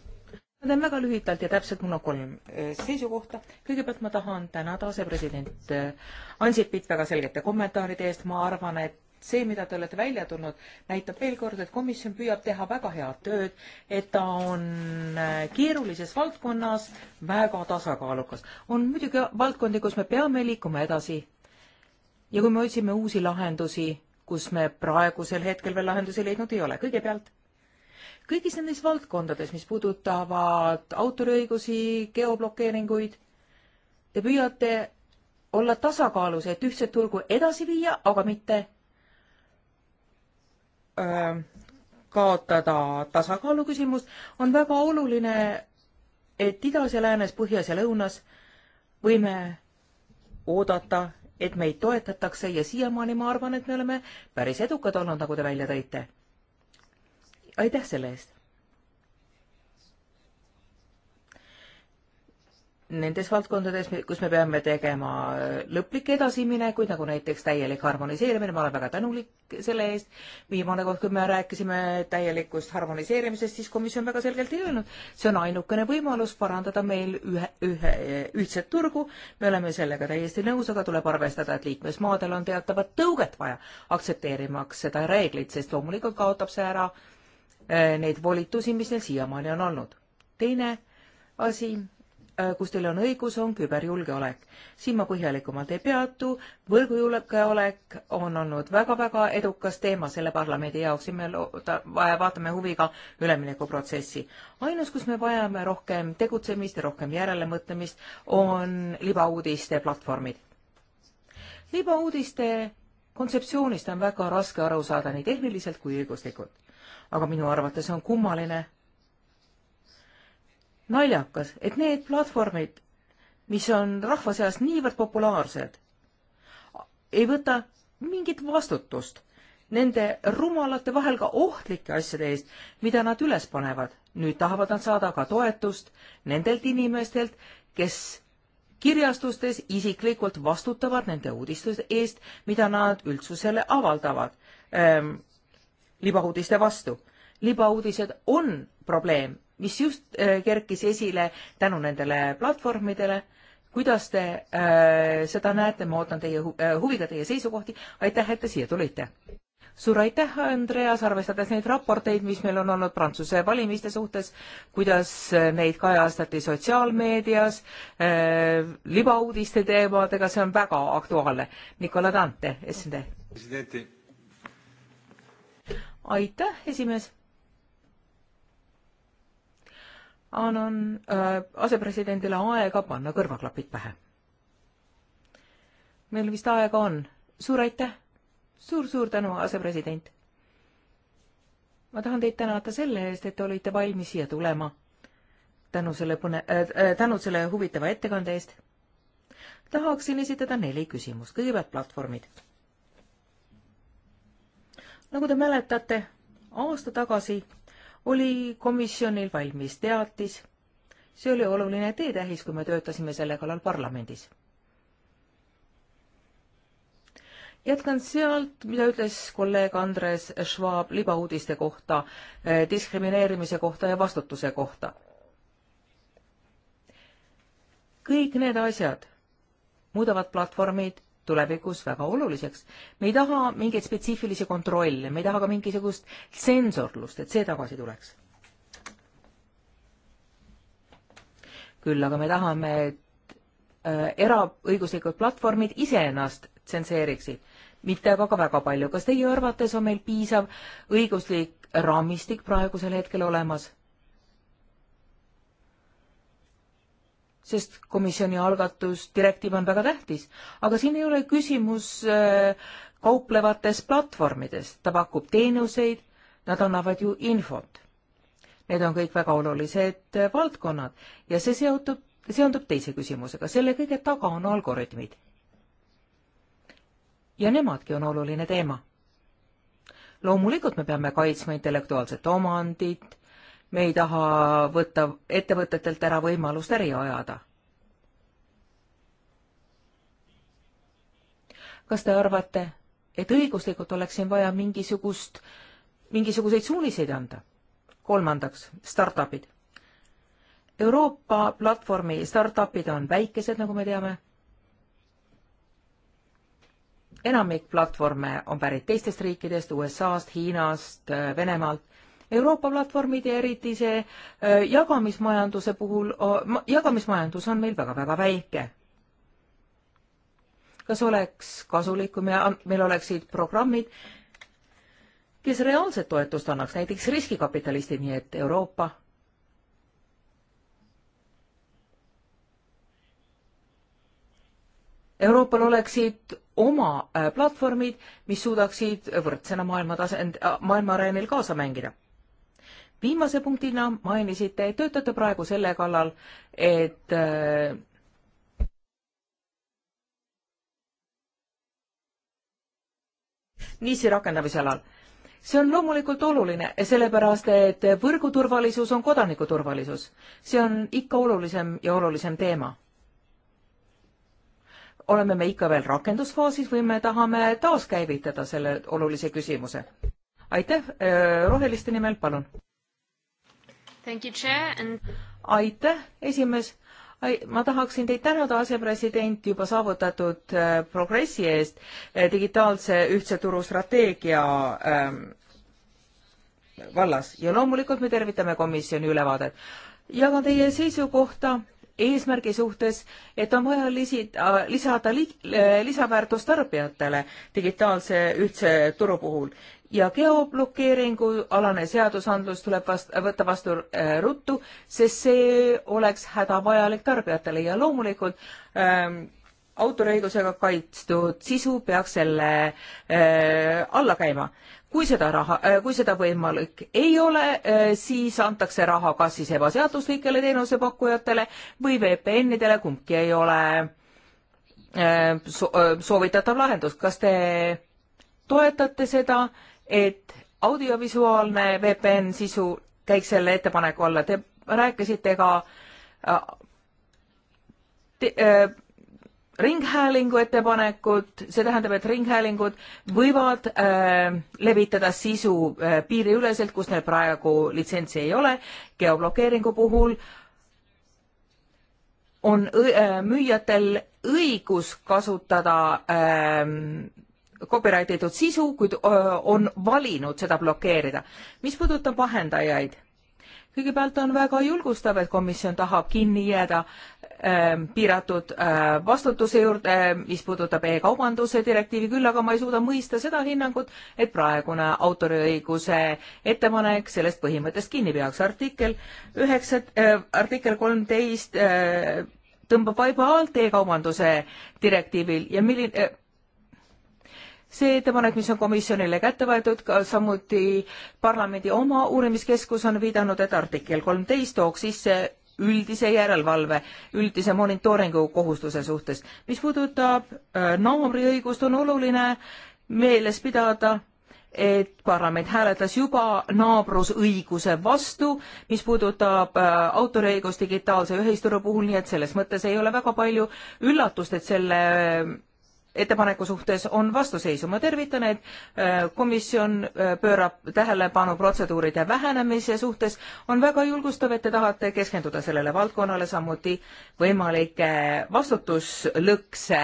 ma teen väga lühidalt ja täpselt, mul on kolm äh, seisukohta. kõigepealt ma tahan tänada asepresident äh, Ansipit väga selgete kommentaaride eest, ma arvan, et see, mida te olete välja tulnud, näitab veel kord, et komisjon püüab teha väga head tööd, et ta on äh, keerulises valdkonnas väga tasakaalukas. on muidugi valdkondi, kus me peame liikuma edasi ja kui me otsime uusi lahendusi, kus me praegusel hetkel veel lahendusi leidnud ei ole. kõigepealt kõigis nendes valdkondades, mis puudutavad autoriõigusi, geoblokeeringuid. Te püüate olla tasakaalus, et ühtset turgu edasi viia, aga mitte öö, ähm, kaotada tasakaalu küsimust, on väga oluline, et idas ja läänes, põhjas ja lõunas võime oodata, et meid toetatakse ja siiamaani ma arvan, et me oleme päris edukad olnud, nagu te välja tõite aitäh selle eest. Nendes valdkondades, kus me peame tegema äh, lõplikke edasiminekuid, nagu näiteks täielik harmoniseerimine, ma olen väga tänulik selle eest. viimane kord, kui me rääkisime täielikust harmoniseerimisest, siis komisjon väga selgelt ei öelnud, see on ainukene võimalus parandada meil ühe, ühe, ühtset turgu. me oleme sellega täiesti nõus, aga tuleb arvestada, et liikmesmaadel on teatavat tõuget vaja aktsepteerimaks seda reeglit, sest loomulikult kaotab see ära äh, Äh, neid volitusi, mis neil siiamaani on olnud. teine asi, äh, kus teil on õigus, on küberjulgeolek. siin ma põhjalikumalt ei peatu, võrgujulgeolek on olnud väga-väga edukas teema selle parlamendi jaoks ja me looda, vaatame huviga üleminekuprotsessi. ainus, kus me vajame rohkem tegutsemist ja rohkem järelemõtlemist, on libauudiste platvormid libauudiste kontseptsioonist on väga raske aru saada nii tehniliselt kui õiguslikult. aga minu arvates on kummaline, naljakas, et need platvormid, mis on rahva seas niivõrd populaarsed, ei võta mingit vastutust nende rumalate vahel ka ohtlike asjade eest, mida nad üles panevad. nüüd tahavad nad saada ka toetust nendelt inimestelt, kes kirjastustes isiklikult vastutavad nende uudistuse eest, mida nad üldsusele avaldavad ähm, libauudiste vastu. libauudised on probleem, mis just äh, kerkis esile tänu nendele platvormidele. kuidas te äh, seda näete, ma ootan teie hu äh, huviga teie seisukohti. aitäh, et te siia tulite suur aitäh, Andreas, arvestades neid raporteid, mis meil on olnud Prantsuse valimiste suhtes, kuidas neid kajastati sotsiaalmeedias äh,, libauudiste teemadega, see on väga aktuaalne. Nicola Dante, SND. aitäh, esimees. annan äh, asepresidendile aega panna kõrvaklapid pähe. meil vist aega on. suur aitäh suur-suur tänu, asepresident! ma tahan teid tänada selle eest, et te olite valmis siia tulema. tänu selle põne- äh,, äh tänud selle huvitava ettekande eest. tahaksin esitada neli küsimust, kõigepealt platvormid. nagu te mäletate, aasta tagasi oli komisjonil valmis teatis, see oli oluline teetähis, kui me töötasime selle kallal parlamendis jätkan sealt, mida ütles kolleeg Andres Schwab libauudiste kohta, eh, diskrimineerimise kohta ja vastutuse kohta. kõik need asjad muudavad platvormid tulevikus väga oluliseks. me ei taha mingeid spetsiifilisi kontrolle, me ei taha ka mingisugust tsensorlust, et see tagasi tuleks. küll aga me tahame, et äh, eraõiguslikud platvormid iseennast tsenseeriksid mitte aga ka väga palju. kas teie arvates on meil piisav õiguslik raamistik praegusel hetkel olemas? sest komisjoni algatus, direktiiv on väga tähtis, aga siin ei ole küsimus äh, kauplevates platvormides, ta pakub teenuseid, nad annavad ju infot. Need on kõik väga olulised äh, valdkonnad ja see seotub, seondub teise küsimusega, selle kõige taga on algoritmid ja nemadki on oluline teema. loomulikult me peame kaitsma intellektuaalset omandit, me ei taha võtta ettevõtetelt ära võimalust äri ajada. kas te arvate, et õiguslikult oleks siin vaja mingisugust, mingisuguseid suuniseid anda? kolmandaks, startup'id Euroopa platvormi startupid on väikesed, nagu me teame, enamik platvorme on pärit teistest riikidest, USA-st, Hiinast, äh, Venemaalt. Euroopa platvormid ja eriti see äh, jagamismajanduse puhul, jagamismajandus on meil väga-väga väike. kas oleks kasulik, kui me, meil oleksid programmid, kes reaalset toetust annaks, näiteks riskikapitalistid, nii et Euroopa Euroopal oleksid oma äh, platvormid, mis suudaksid võrdsena maailma tasand, äh, maailma areenil kaasa mängida. viimase punktina mainisite, et töötate praegu selle kallal, et äh, NIS-i rakendamise alal. see on loomulikult oluline, sellepärast et võrguturvalisus on kodaniku turvalisus. see on ikka olulisem ja olulisem teema oleme me ikka veel rakendusfaasis või me tahame taaskäivitada selle olulise küsimuse? aitäh, äh, roheliste nimel, palun. And... aitäh, esimees. ma tahaksin teid tänada, asepresident, juba saavutatud äh, progressi eest äh, digitaalse ühtse turu strateegia ähm, vallas ja loomulikult me tervitame komisjoni ülevaadet. jagan teie seisukohta eesmärgi suhtes, et on vaja lisi, äh, lisada li, äh, lisaväärtust tarbijatele digitaalse ühtse turu puhul ja geoblokeeringu alane seadusandlus tuleb vast, võtta vastu äh, ruttu, sest see oleks hädavajalik tarbijatele ja loomulikult ähm, autoriõigusega kaitstud sisu peaks selle äh, alla käima kui seda raha, äh, kui seda võimalik ei ole, äh, siis antakse raha kas siis ebaseaduslikele teenusepakkujatele või VPN-idele, kumbki ei ole äh, soovitatav lahendus. kas te toetate seda, et audiovisuaalne VPN sisu käiks selle ettepaneku alla? Te rääkisite ka te, ringhäälingu ettepanekut, see tähendab, et ringhäälingud võivad äh, levitada sisu äh, piiriüleselt, kus neil praegu litsentsi ei ole. geoblokeeringu puhul on äh, müüjatel õigus kasutada äh, copyright itud sisu, kuid äh, on valinud seda blokeerida. mis puudutab vahendajaid kõigepealt on väga julgustav, et komisjon tahab kinni jääda ähm, piiratud äh, vastutuse juurde äh,, mis puudutab e-kaubanduse direktiivi, küll aga ma ei suuda mõista seda hinnangut, et praegune autoriõiguse ettepanek sellest põhimõttest kinni peaks. artikkel üheksa äh,, artikkel kolmteist äh, tõmbab vaiba alt e-kaubanduse direktiivil ja milline äh, see ettepanek, mis on komisjonile kätte võetud, samuti parlamendi oma uurimiskeskus on viidanud, et artikkel kolmteist tooks sisse üldise järelevalve, üldise monitooringu kohustuse suhtes. mis puudutab äh, naabriõigust, on oluline meeles pidada, et parlament hääletas juba naabrusõiguse vastu, mis puudutab äh, autoriõigust digitaalse ühisturu puhul, nii et selles mõttes ei ole väga palju üllatust, et selle ettepaneku suhtes on vastuseisu. ma tervitan, et äh, komisjon äh, pöörab tähelepanu protseduuride vähenemise suhtes. on väga julgustav, et te tahate keskenduda sellele valdkonnale, samuti võimalike vastutuslõkse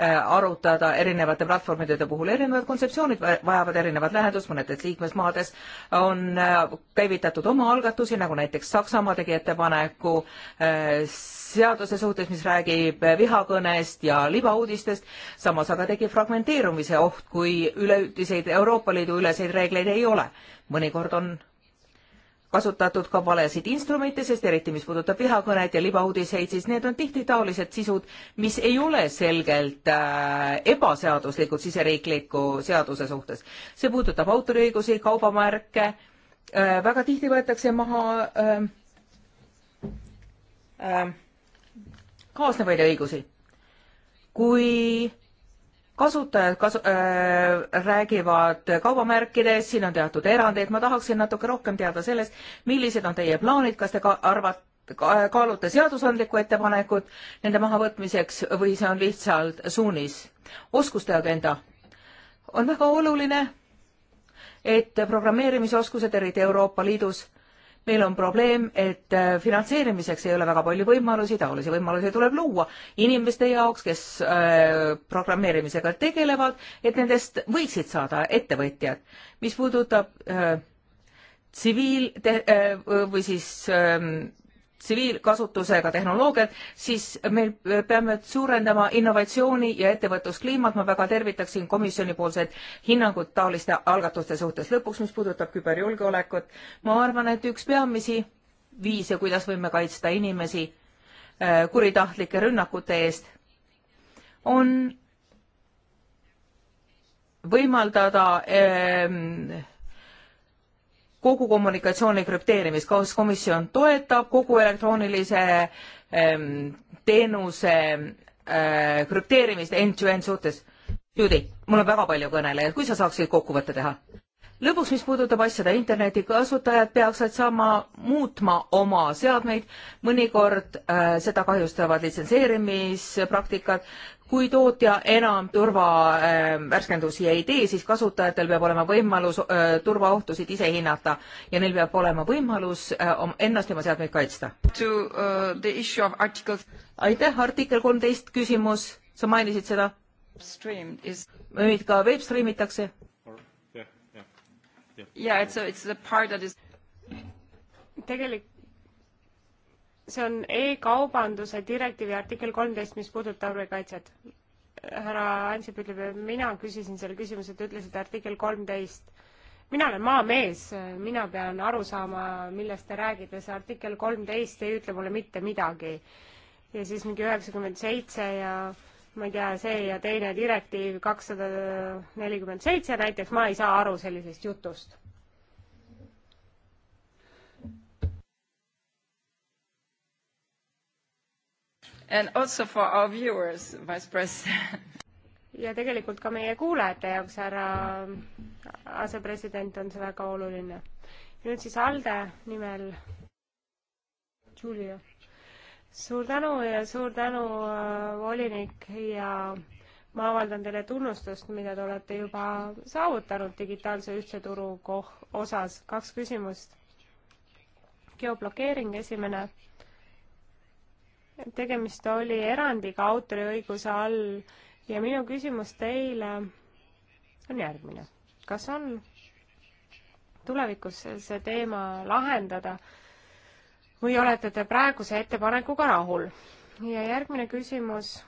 Äh, arutada erinevate platvormide puhul, erinevad kontseptsioonid vajavad erinevat lähedust, mõnedes liikmesmaades on äh, käivitatud oma algatusi, nagu näiteks Saksamaa tegi ettepaneku äh, seaduse suhtes, mis räägib vihakõnest ja libauudistest, samas aga tekib fragmenteerumise oht, kui üleüldiseid Euroopa Liidu üleseid reegleid ei ole. mõnikord on kasutatud ka valesid instrumente, sest eriti, mis puudutab vihakõnet ja libauudiseid, siis need on tihti taolised sisud, mis ei ole selgelt äh, ebaseaduslikud siseriikliku seaduse suhtes. see puudutab autoriõigusi, kaubamärke äh,, väga tihti võetakse maha äh, äh, kaasnevaid õigusi. kui kasutajad kasu- äh,, räägivad kaubamärkidest, siin on teatud erandeid, ma tahaksin natuke rohkem teada sellest, millised on teie plaanid, kas te ka arvate, kaalute seadusandlikku ettepanekut nende mahavõtmiseks või see on lihtsalt suunis? oskuste agenda on väga oluline, et programmeerimisoskused, eriti Euroopa Liidus, meil on probleem, et äh, finantseerimiseks ei ole väga palju võimalusi, taolisi võimalusi tuleb luua inimeste jaoks, kes äh, programmeerimisega tegelevad, et nendest võiksid saada ettevõtjad. mis puudutab äh, tsiviil- või siis ähm, tsiviilkasutusega tehnoloogiat, siis meil peame suurendama innovatsiooni ja ettevõtluskliimat, ma väga tervitaksin komisjoni poolset hinnangut taoliste algatuste suhtes. lõpuks, mis puudutab küberjulgeolekut, ma arvan, et üks peamisi viise, kuidas võime kaitsta inimesi äh, kuritahtlike rünnakute eest, on võimaldada ähm, kogu kommunikatsiooni krüpteerimist, kas komisjon toetab kogu elektroonilise ähm, teenuse äh, krüpteerimist end-to-end -end suhtes? Judy, mul on väga palju kõnelejaid, kui sa saaksid kokkuvõtte teha? lõpuks, mis puudutab asjade interneti, kasutajad peaksid saama muutma oma seadmeid, mõnikord äh, seda kahjustavad litsenseerimispraktikad, kui tootja enam turvavärskendusi ähm, ei tee, siis kasutajatel peab olema võimalus äh, turvaohtusid ise hinnata ja neil peab olema võimalus äh, ennast ja oma seadmeid kaitsta. Uh, aitäh, artikkel kolmteist küsimus, sa mainisid seda? meid ka veebstream itakse? tegelikult see on e-kaubanduse direktiivi artikkel kolmteist, mis puudutab tarbijakaitset. härra Ansip ütleb, et mina küsisin selle küsimuse, te ütlesite artikkel kolmteist. mina olen maamees, mina pean aru saama, millest te räägite, see artikkel kolmteist ei ütle mulle mitte midagi. ja siis mingi üheksakümmend seitse ja ma ei tea, see ja teine direktiiv kakssada nelikümmend seitse näiteks, ma ei saa aru sellisest jutust and also for our viewers, Vice President. ja tegelikult ka meie kuulajate jaoks, härra asepresident, on see väga oluline. nüüd siis ALDE nimel Julia. suur tänu ja suur tänu, äh, volinik ja ma avaldan teile tunnustust, mida te olete juba saavutanud digitaalse ühtse turu koh-, osas. kaks küsimust. geoblokeering esimene tegemist oli erandiga autoriõiguse all ja minu küsimus teile on järgmine. kas on tulevikus see teema lahendada või olete te praeguse ettepanekuga rahul? ja järgmine küsimus.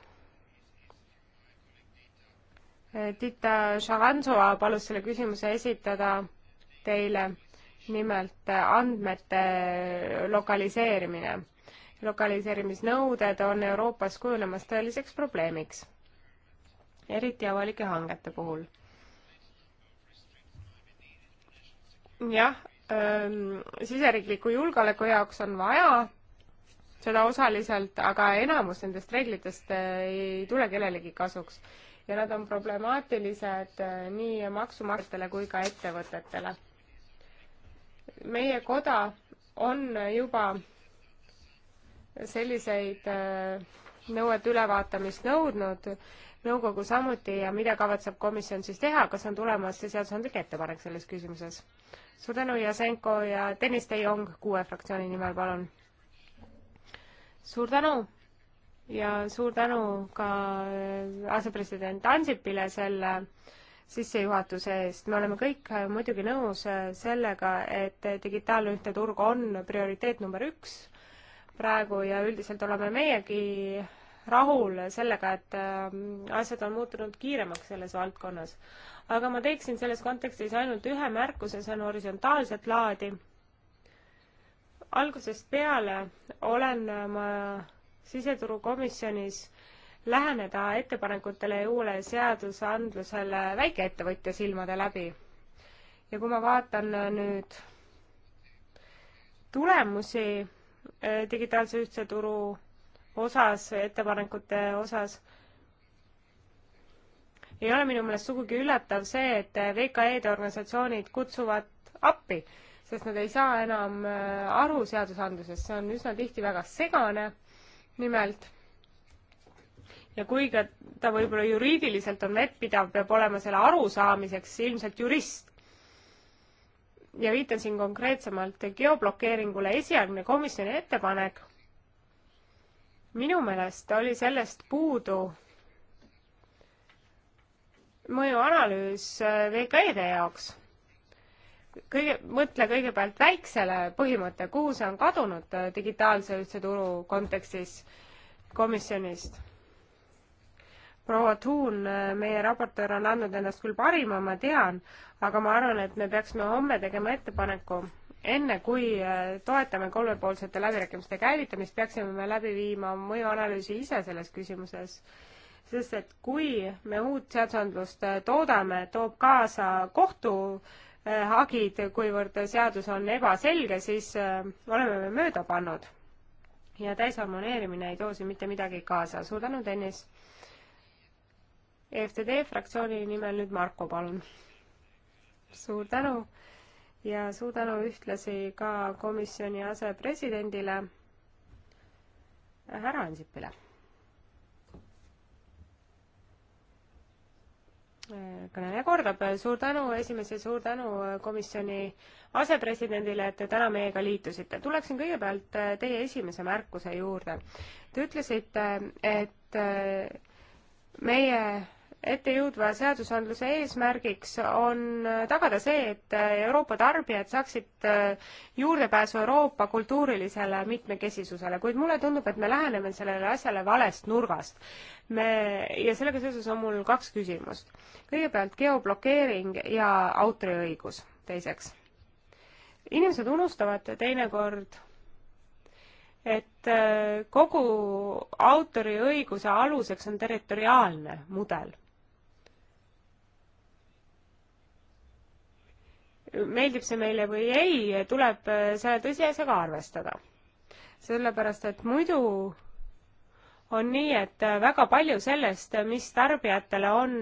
Tita Šarantsova palus selle küsimuse esitada teile, nimelt andmete lokaliseerimine lokaliseerimisnõuded on Euroopas kujunemas tõeliseks probleemiks, eriti avalike hangete puhul. jah, ähm, siseriikliku julgeoleku jaoks on vaja seda osaliselt, aga enamus nendest reeglitest äh, ei tule kellelegi kasuks ja nad on problemaatilised äh, nii maksumaksjatele kui ka ettevõtetele. meie koda on juba selliseid äh, nõuete ülevaatamist nõudnud, nõukogu samuti ja mida kavatseb komisjon siis teha, kas on tulemas seadusandlik ettepanek selles küsimuses? suur tänu, Jasenko ja Tõnis De Jong kuue fraktsiooni nimel, palun. suur tänu ja suur tänu ka äh, asepresident Ansipile selle sissejuhatuse eest. me oleme kõik äh, muidugi nõus sellega, et digitaalne ühteturg on prioriteet number üks praegu ja üldiselt oleme meiegi rahul sellega, et ähm, asjad on muutunud kiiremaks selles valdkonnas. aga ma teeksin selles kontekstis ainult ühe märkuse, see on horisontaalset laadi. algusest peale olen ma siseturukomisjonis läheneda ettepanekutele ja uuele seadusandlusele väikeettevõtja silmade läbi. ja kui ma vaatan nüüd tulemusi Äh, digitaalse ühtse turu osas, ettepanekute osas, ei ole minu meelest sugugi üllatav see, et VKE-de organisatsioonid kutsuvad appi, sest nad ei saa enam äh, aru seadusandlusest, see on üsna tihti väga segane, nimelt. ja kuigi ta võib-olla juriidiliselt on vettpidav, peab olema selle arusaamiseks ilmselt jurist, ja viitan siin konkreetsemalt geoblokeeringule, esialgne komisjoni ettepanek minu meelest oli sellest puudu mõjuanalüüs äh, VKE-de jaoks. kõige, mõtle kõigepealt väiksele põhimõtte, kuhu see on kadunud äh, digitaalse ühtse turu kontekstis komisjonist proua Tuun, meie raportöör on andnud endast küll parima, ma tean, aga ma arvan, et me peaksime homme tegema ettepaneku, enne kui äh, toetame kolmepoolsete läbirääkimiste käivitamist, peaksime me läbi viima mõjuanalüüsi ise selles küsimuses. sest et kui me uut seadusandlust äh, toodame, toob kaasa kohtuhagid, äh, kuivõrd seadus on ebaselge, siis oleme me mööda pannud. ja täisharmoneerimine ei too siin mitte midagi kaasa. suur tänu, Tõnis! EFTD fraktsiooni nimel nüüd Marko, palun. suur tänu ja suur tänu ühtlasi ka komisjoni asepresidendile härra Ansipile. kõneleja kordab, suur tänu esimees ja suur tänu komisjoni asepresidendile, et te täna meiega liitusite. tuleksin kõigepealt teie esimese märkuse juurde. Te ütlesite, et meie ette jõudva seadusandluse eesmärgiks on tagada see, et Euroopa tarbijad saaksid äh, juurdepääsu Euroopa kultuurilisele mitmekesisusele, kuid mulle tundub, et me läheneme sellele asjale valest nurgast. me, ja sellega seoses on mul kaks küsimust. kõigepealt geoblokeering ja autoriõigus teiseks. inimesed unustavad teinekord et äh, kogu autoriõiguse aluseks on territoriaalne mudel meeldib see meile või ei, tuleb äh, selle tõsiasjaga arvestada. sellepärast, et muidu on nii, et äh, väga palju sellest, äh, mis tarbijatele on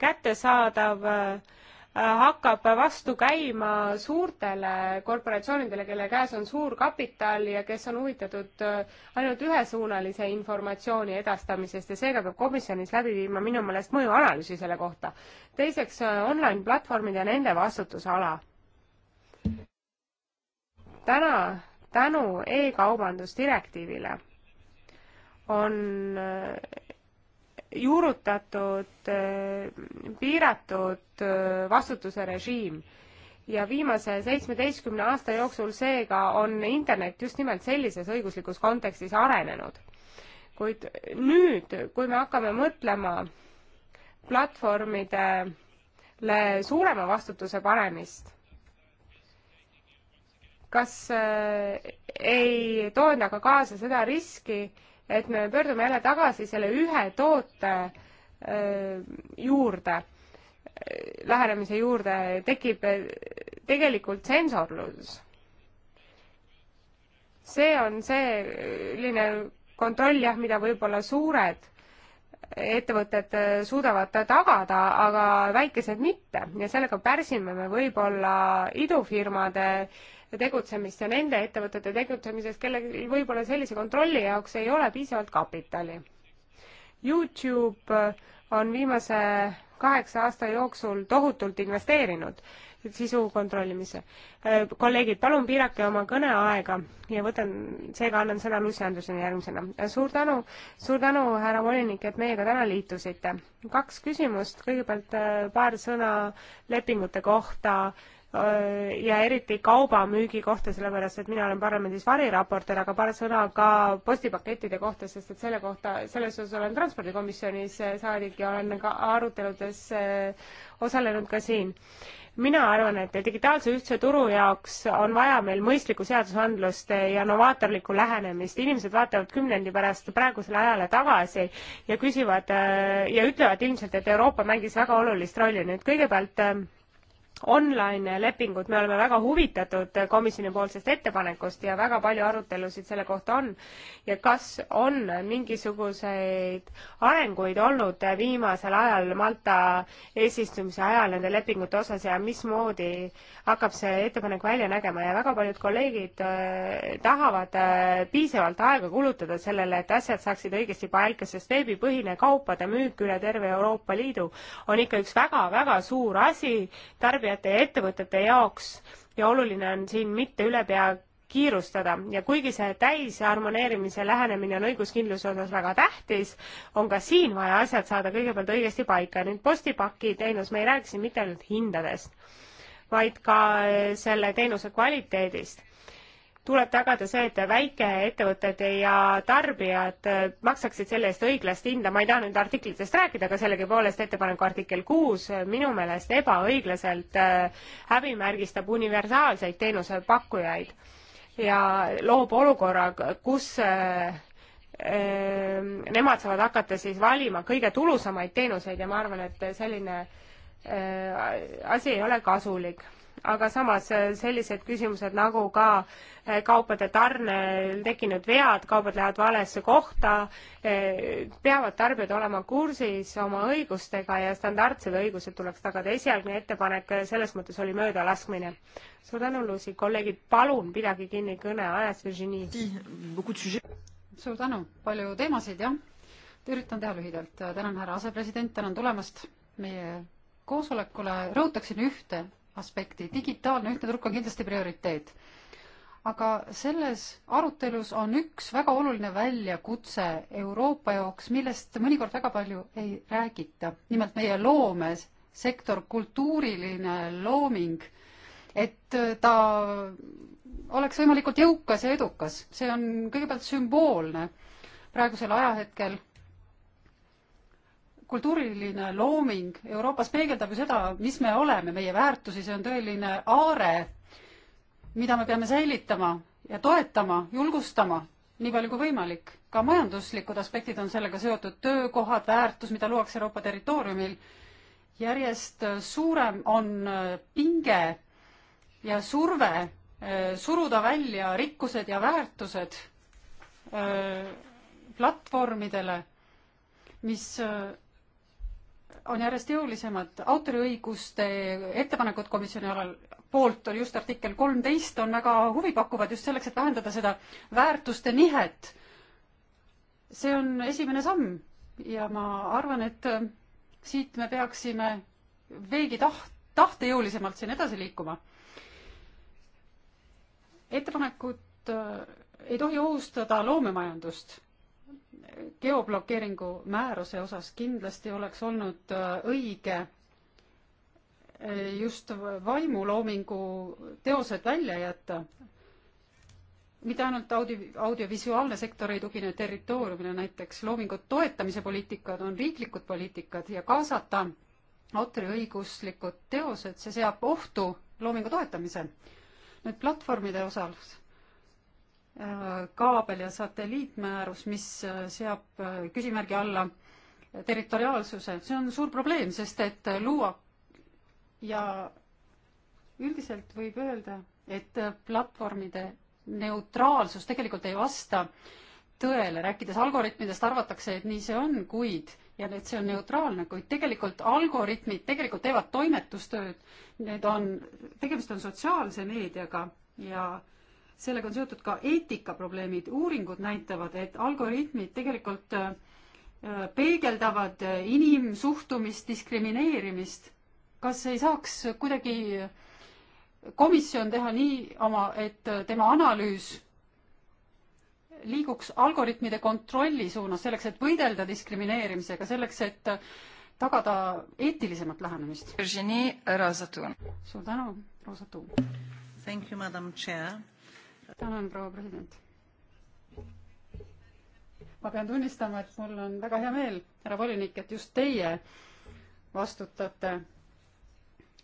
kättesaadav äh, hakkab vastu käima suurtele korporatsioonidele, kelle käes on suur kapital ja kes on huvitatud äh, ainult ühesuunalise informatsiooni edastamisest ja seega peab komisjonis läbi viima minu meelest mõjuanalüüsi selle kohta. teiseks, äh, online-platvormid ja nende vastutusala. täna tänu e-kaubandusdirektiivile on äh, juurutatud, eh, piiratud eh, vastutuse režiim ja viimase seitsmeteistkümne aasta jooksul seega on internet just nimelt sellises õiguslikus kontekstis arenenud. kuid nüüd, kui me hakkame mõtlema platvormidele suurema vastutuse panemist, kas eh, ei too endaga kaasa seda riski, et me pöördume jälle tagasi selle ühe toote juurde, lähenemise juurde, tekib tegelikult tsensorlus. see on selline kontroll jah, mida võib-olla suured ettevõtted suudavad tagada, aga väikesed mitte ja sellega pärsime me võib-olla idufirmade äh, tegutsemist ja nende ettevõtete tegutsemisest, kellel võib-olla sellise kontrolli jaoks ei ole piisavalt kapitali. Youtube äh, on viimase kaheksa aasta jooksul tohutult investeerinud sisu kontrollimisse. Äh, kolleegid, palun piirake oma kõneaega ja võtan, seega annan sõna Lucy Andersoni järgmisena. suur tänu, suur tänu, härra volinik, et meiega täna liitusite. kaks küsimust, kõigepealt äh, paar sõna lepingute kohta Äh, ja eriti kaubamüügi kohta, sellepärast et mina olen parlamendis variraporter, aga paar sõna ka postipakettide kohta, sest et selle kohta, selles osas olen transpordikomisjonis äh, saadik ja olen ka aruteludes äh, osalenud ka siin. mina arvan, et digitaalse ühtse turu jaoks on vaja meil mõistlikku seadusandlust ja novaatorlikku lähenemist. inimesed vaatavad kümnendi pärast praegusele ajale tagasi ja küsivad ja ütlevad ilmselt, et Euroopa mängis väga olulist rolli. nüüd kõigepealt online-lepingud, me oleme väga huvitatud komisjonipoolsest ettepanekust ja väga palju arutelusid selle kohta on. ja kas on mingisuguseid arenguid olnud viimasel ajal Malta eesistumise ajal nende lepingute osas ja mismoodi hakkab see ettepanek välja nägema ja väga paljud kolleegid äh, tahavad äh, piisavalt aega kulutada sellele, et asjad saaksid õigesti paika, sest veebipõhine kaupade müük üle terve Euroopa Liidu on ikka üks väga-väga suur asi tarbijatele tarbijate ja ettevõtete jaoks ja oluline on siin mitte ülepea kiirustada ja kuigi see täisharmoneerimise lähenemine on õiguskindluse osas väga tähtis, on ka siin vaja asjad saada kõigepealt õigesti paika. nüüd postipaki teenus, me ei räägi siin mitte ainult hindadest, vaid ka eh, selle teenuse kvaliteedist tuleb tagada see, et väikeettevõtted ja tarbijad äh, maksaksid selle eest õiglast hinda, ma ei taha nüüd artiklitest rääkida, aga sellegipoolest ettepaneku artikkel kuus äh, minu meelest ebaõiglaselt äh, häbimärgistab universaalseid teenusepakkujaid ja loob olukorra, kus nemad saavad hakata siis valima kõige tulusamaid teenuseid ja ma arvan, et selline asi ei ole kasulik aga samas äh, sellised küsimused nagu ka äh, kaupade tarnel tekkinud vead, kaubad lähevad valesse kohta, äh, peavad tarbijad olema kursis oma õigustega ja standardsed õigused tuleks tagada. esialgne ettepanek selles mõttes oli möödalaskmine. suur tänu, Lucy, kolleegid, palun pidage kinni kõneajast, Virginie. suur tänu, palju teemasid, jah. üritan teha lühidalt. tänan, härra asepresident, tänan tulemast meie koosolekule. rõhutaksin ühte aspekti. digitaalne ühtne turg on kindlasti prioriteet. aga selles arutelus on üks väga oluline väljakutse Euroopa jaoks, millest mõnikord väga palju ei räägita. nimelt meie loomesektor, kultuuriline looming, et ta oleks võimalikult jõukas ja edukas, see on kõigepealt sümboolne praegusel ajahetkel kultuuriline looming Euroopas peegeldab ju seda, mis me oleme, meie väärtusi, see on tõeline aare, mida me peame säilitama ja toetama, julgustama, nii palju kui võimalik. ka majanduslikud aspektid on sellega seotud, töökohad, väärtus, mida luuakse Euroopa territooriumil, järjest suurem on äh, pinge ja surve äh, suruda välja rikkused ja väärtused äh, platvormidele, mis on järjest jõulisemad. autoriõiguste ettepanekud komisjoni alal poolt oli just artikkel kolmteist, on väga huvipakkuvad just selleks, et vähendada seda väärtuste nihet. see on esimene samm ja ma arvan, et äh, siit me peaksime veelgi taht-, tahtejõulisemalt siin edasi liikuma. ettepanekud äh, ei tohi ohustada loomemajandust geoblokeeringu määruse osas kindlasti oleks olnud äh, õige äh, just vaimuloomingu teosed välja jätta. mitte ainult audio, audiovisuaalne sektor ei tugine territooriumile, näiteks loomingu toetamise poliitikad on riiklikud poliitikad ja kaasata autoriõiguslikud teosed, see seab ohtu loomingu toetamise. nüüd platvormide osas kaabel ja satelliitmäärus, mis äh, seab äh, küsimärgi alla territoriaalsuse, see on suur probleem, sest et äh, luua ja üldiselt võib öelda, et platvormide neutraalsus tegelikult ei vasta tõele, rääkides algoritmidest, arvatakse, et nii see on, kuid ja et see on neutraalne, kuid tegelikult algoritmid tegelikult teevad toimetustööd, need on, tegemist on sotsiaalse meediaga ja äh, sellega on seotud ka eetikaprobleemid, uuringud näitavad, et algoritmid tegelikult äh, äh, peegeldavad äh, inimsuhtumist, diskrimineerimist. kas ei saaks kuidagi komisjon teha nii oma, et tema analüüs liiguks algoritmide kontrolli suunas, selleks et võidelda diskrimineerimisega, selleks et tagada eetilisemat lähenemist? suur tänu, Roosa Tuum. Thank you, madam chair tänan, proua president. ma pean tunnistama, et mul on väga hea meel, härra volinik, et just teie vastutate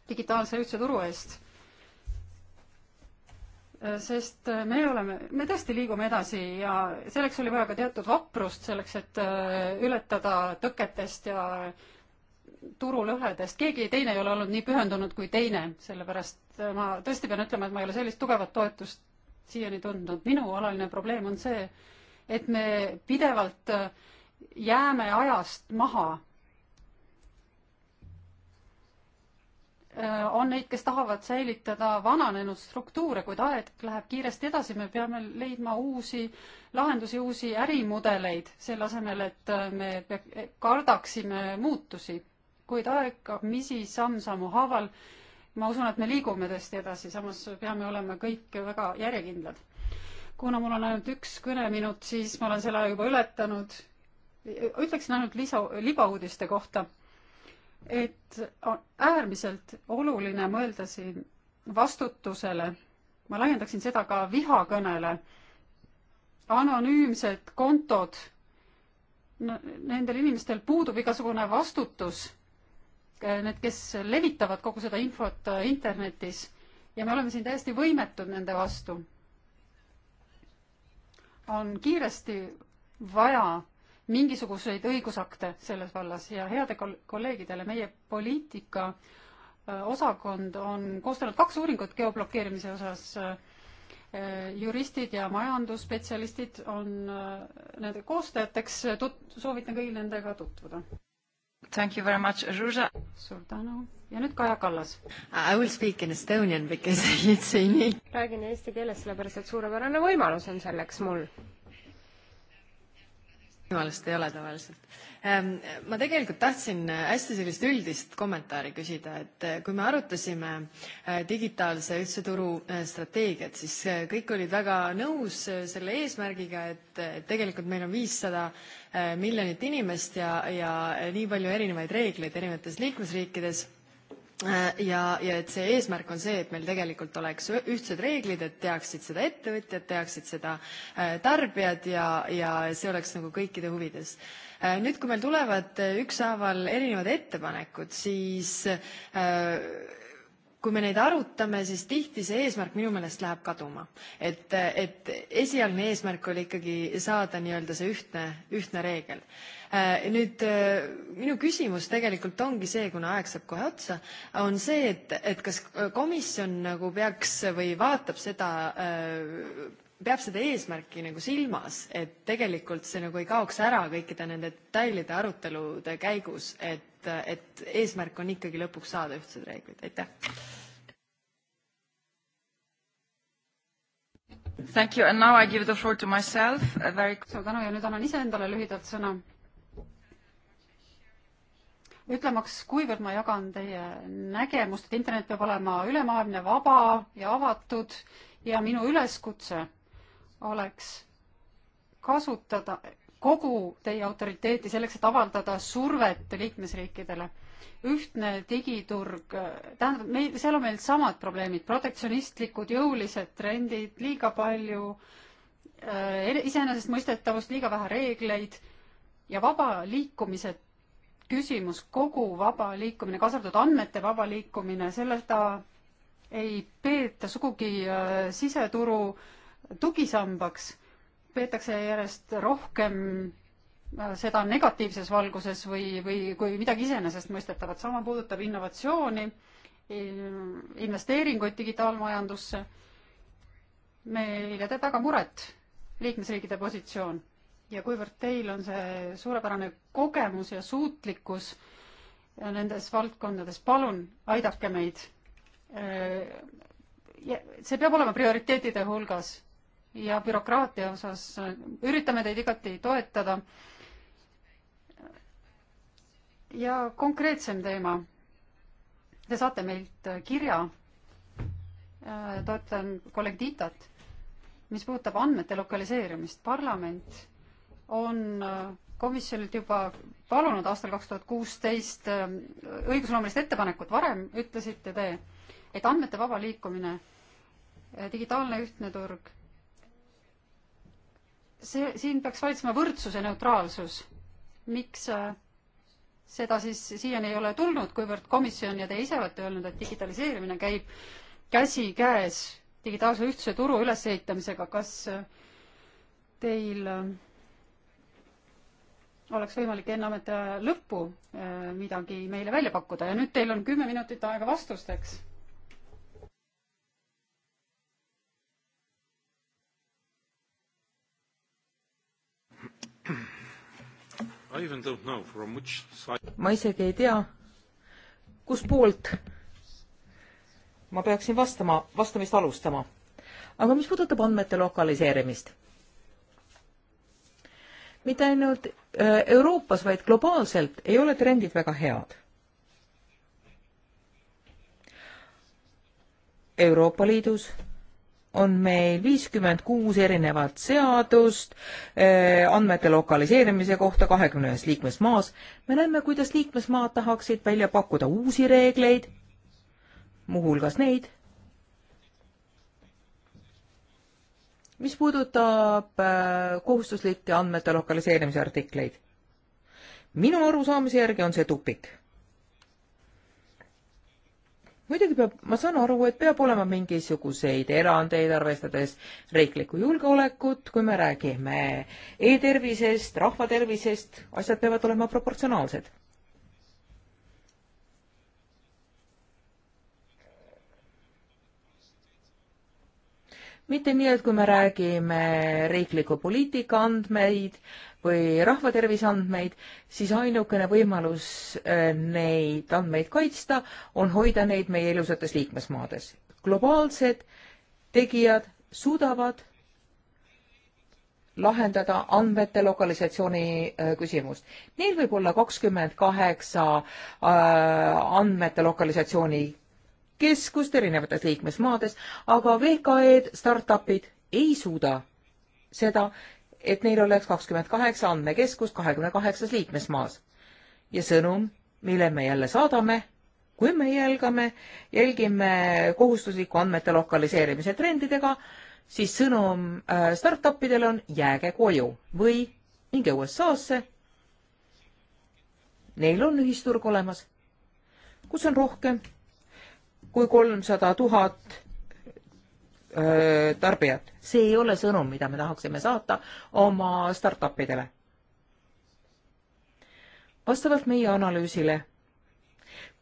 digitaalse ühtse turu eest. sest me oleme, me tõesti liigume edasi ja selleks oli vaja ka teatud vaprust, selleks et äh, ületada tõketest ja turulõhedest, keegi teine ei ole olnud nii pühendunud kui teine, sellepärast äh, ma tõesti pean ütlema, et ma ei ole sellist tugevat toetust siiani tundnud. minu alaline probleem on see, et me pidevalt äh, jääme ajast maha. Äh, on neid, kes tahavad säilitada vananenud struktuure, kuid aeg läheb kiiresti edasi, me peame leidma uusi lahendusi, uusi ärimudeleid, selle asemel, et äh, me kardaksime muutusi. kuid aeg missi samm-sammu haaval ma usun, et me liigume tõesti edasi, samas peame olema kõik väga järjekindlad. kuna mul on ainult üks kõneminut, siis ma olen selle aja juba ületanud. ütleksin ainult lisa, libauudiste kohta, et on äärmiselt oluline mõelda siin vastutusele. ma laiendaksin seda ka vihakõnele. anonüümsed kontod no,, nendel inimestel puudub igasugune vastutus need, kes levitavad kogu seda infot äh, internetis ja me oleme siin täiesti võimetud nende vastu. on kiiresti vaja mingisuguseid õigusakte selles vallas ja heade kolleegidele, meie poliitika äh, osakond on koostanud kaks uuringut geoblokeerimise osas. Äh, juristid ja majandusspetsialistid on nende koostajateks, tut-, soovitan kõigil nendega tutvuda. Thank you very much, Ruža. suur tänu ja nüüd Kaja Kallas. I will speak in Estonian because [laughs] it's in me. räägin eesti keeles, sellepärast et suurepärane võimalus on selleks mul võimalust ei ole tavaliselt. Ähm, ma tegelikult tahtsin äh, hästi sellist üldist kommentaari küsida, et äh, kui me arutasime äh, digitaalse ühtse turu strateegiat, siis kõik olid väga nõus selle eesmärgiga, et tegelikult meil on viissada miljonit inimest ja, ja nii palju erinevaid reegleid erinevates liikmesriikides Äh, ja, ja et see eesmärk on see, et meil tegelikult oleks ühtsed reeglid, et teaksid seda ettevõtjad, teaksid seda äh, tarbijad ja, ja see oleks nagu kõikide huvides. Äh, nüüd, kui meil tulevad ükshaaval erinevad ettepanekud, siis äh, kui me neid arutame, siis tihti see eesmärk minu meelest läheb kaduma. et, et esialgne eesmärk oli ikkagi saada nii-öelda see ühtne, ühtne reegel. Äh, nüüd äh, minu küsimus tegelikult ongi see, kuna aeg saab kohe otsa, on see, et, et kas komisjon nagu peaks või vaatab seda äh, peab seda eesmärki nagu silmas, et tegelikult see nagu ei kaoks ära kõikide nende detailide arutelude käigus, et, et eesmärk on ikkagi lõpuks saada ühtsed reeglid, aitäh. Thank you and now I give the floor to myself a very suur tänu ja nüüd annan iseendale lühidalt sõna. ütlemaks, kuivõrd ma jagan teie nägemust, et internet peab olema ülemaailmne, vaba ja avatud ja minu üleskutse oleks kasutada kogu teie autoriteeti selleks, et avaldada survet liikmesriikidele ühtne digiturg, tähendab, meil, seal on meil samad probleemid, protektsionistlikud jõulised trendid, liiga palju äh, iseenesestmõistetavust, liiga vähe reegleid ja vaba liikumise küsimus, kogu vaba liikumine, kaasa arvatud andmete vaba liikumine, selleta ei peeta sugugi äh, siseturu tugisambaks, peetakse järjest rohkem seda negatiivses valguses või, või kui midagi iseenesestmõistetavat. sama puudutab innovatsiooni, investeeringuid digitaalmajandusse. meile teeb väga muret liikmesriikide positsioon ja kuivõrd teil on see suurepärane kogemus ja suutlikkus ja nendes valdkondades, palun aidake meid. Äh, see peab olema prioriteetide hulgas ja bürokraatia osas üritame teid igati toetada ja konkreetsem teema. Te saate meilt kirja, äh, toetan kollektiitat, mis puudutab andmete lokaliseerimist. parlament on äh, komisjonilt juba palunud aastal kaks tuhat kuusteist äh, õigusloomelist ettepanekut, varem ütlesite te, et andmete vaba liikumine, digitaalne ühtne turg, see, siin peaks valitsema võrdsus ja neutraalsus. miks äh, seda siis siiani ei ole tulnud, kuivõrd komisjon ja te ise olete öelnud, et digitaliseerimine käib käsikäes digitaalse ühtse turu ülesehitamisega, kas äh, teil äh, oleks võimalik enne ametiaja lõppu äh, midagi meile välja pakkuda ja nüüd teil on kümme minutit aega vastusteks. Mm-hmm. [clears throat] ma isegi ei tea, kuspoolt ma peaksin vastama, vastamist alustama. aga mis puudutab andmete lokaliseerimist? mitte ainult äh, Euroopas, vaid globaalselt ei ole trendid väga head. Euroopa Liidus on meil viiskümmend kuus erinevat seadust eh, andmete lokaliseerimise kohta kahekümne ühes liikmesmaas. me näeme, kuidas liikmesmaad tahaksid välja pakkuda uusi reegleid, muuhulgas neid, mis puudutab eh, kohustuslikke andmete lokaliseerimise artikleid. minu arusaamise järgi on see tupik muidugi peab, ma saan aru, et peab olema mingisuguseid erandeid, arvestades riiklikku julgeolekut, kui me räägime e-tervisest, rahvatervisest, asjad peavad olema proportsionaalsed. mitte nii, et kui me räägime riikliku poliitika andmeid, või rahvatervise andmeid, siis ainukene võimalus äh, neid andmeid kaitsta on hoida neid meie ilusates liikmesmaades. globaalsed tegijad suudavad lahendada andmete lokalisatsiooni äh, küsimust. Neil võib olla kakskümmend kaheksa äh, andmete lokalisatsiooni keskust erinevates liikmesmaades, aga VKE-d, startup'id ei suuda seda, et neil oleks kakskümmend kaheksa andmekeskust kahekümne kaheksas liikmesmaas. ja sõnum, mille me jälle saadame, kui me jälgame, jälgime kohustusliku andmete lokaliseerimise trendidega, siis sõnum äh, startup idel on jääge koju või minge USA-sse. Neil on ühisturg olemas, kus on rohkem kui kolmsada tuhat Äh, tarbijat. see ei ole sõnum, mida me tahaksime saata oma startup idele. vastavalt meie analüüsile,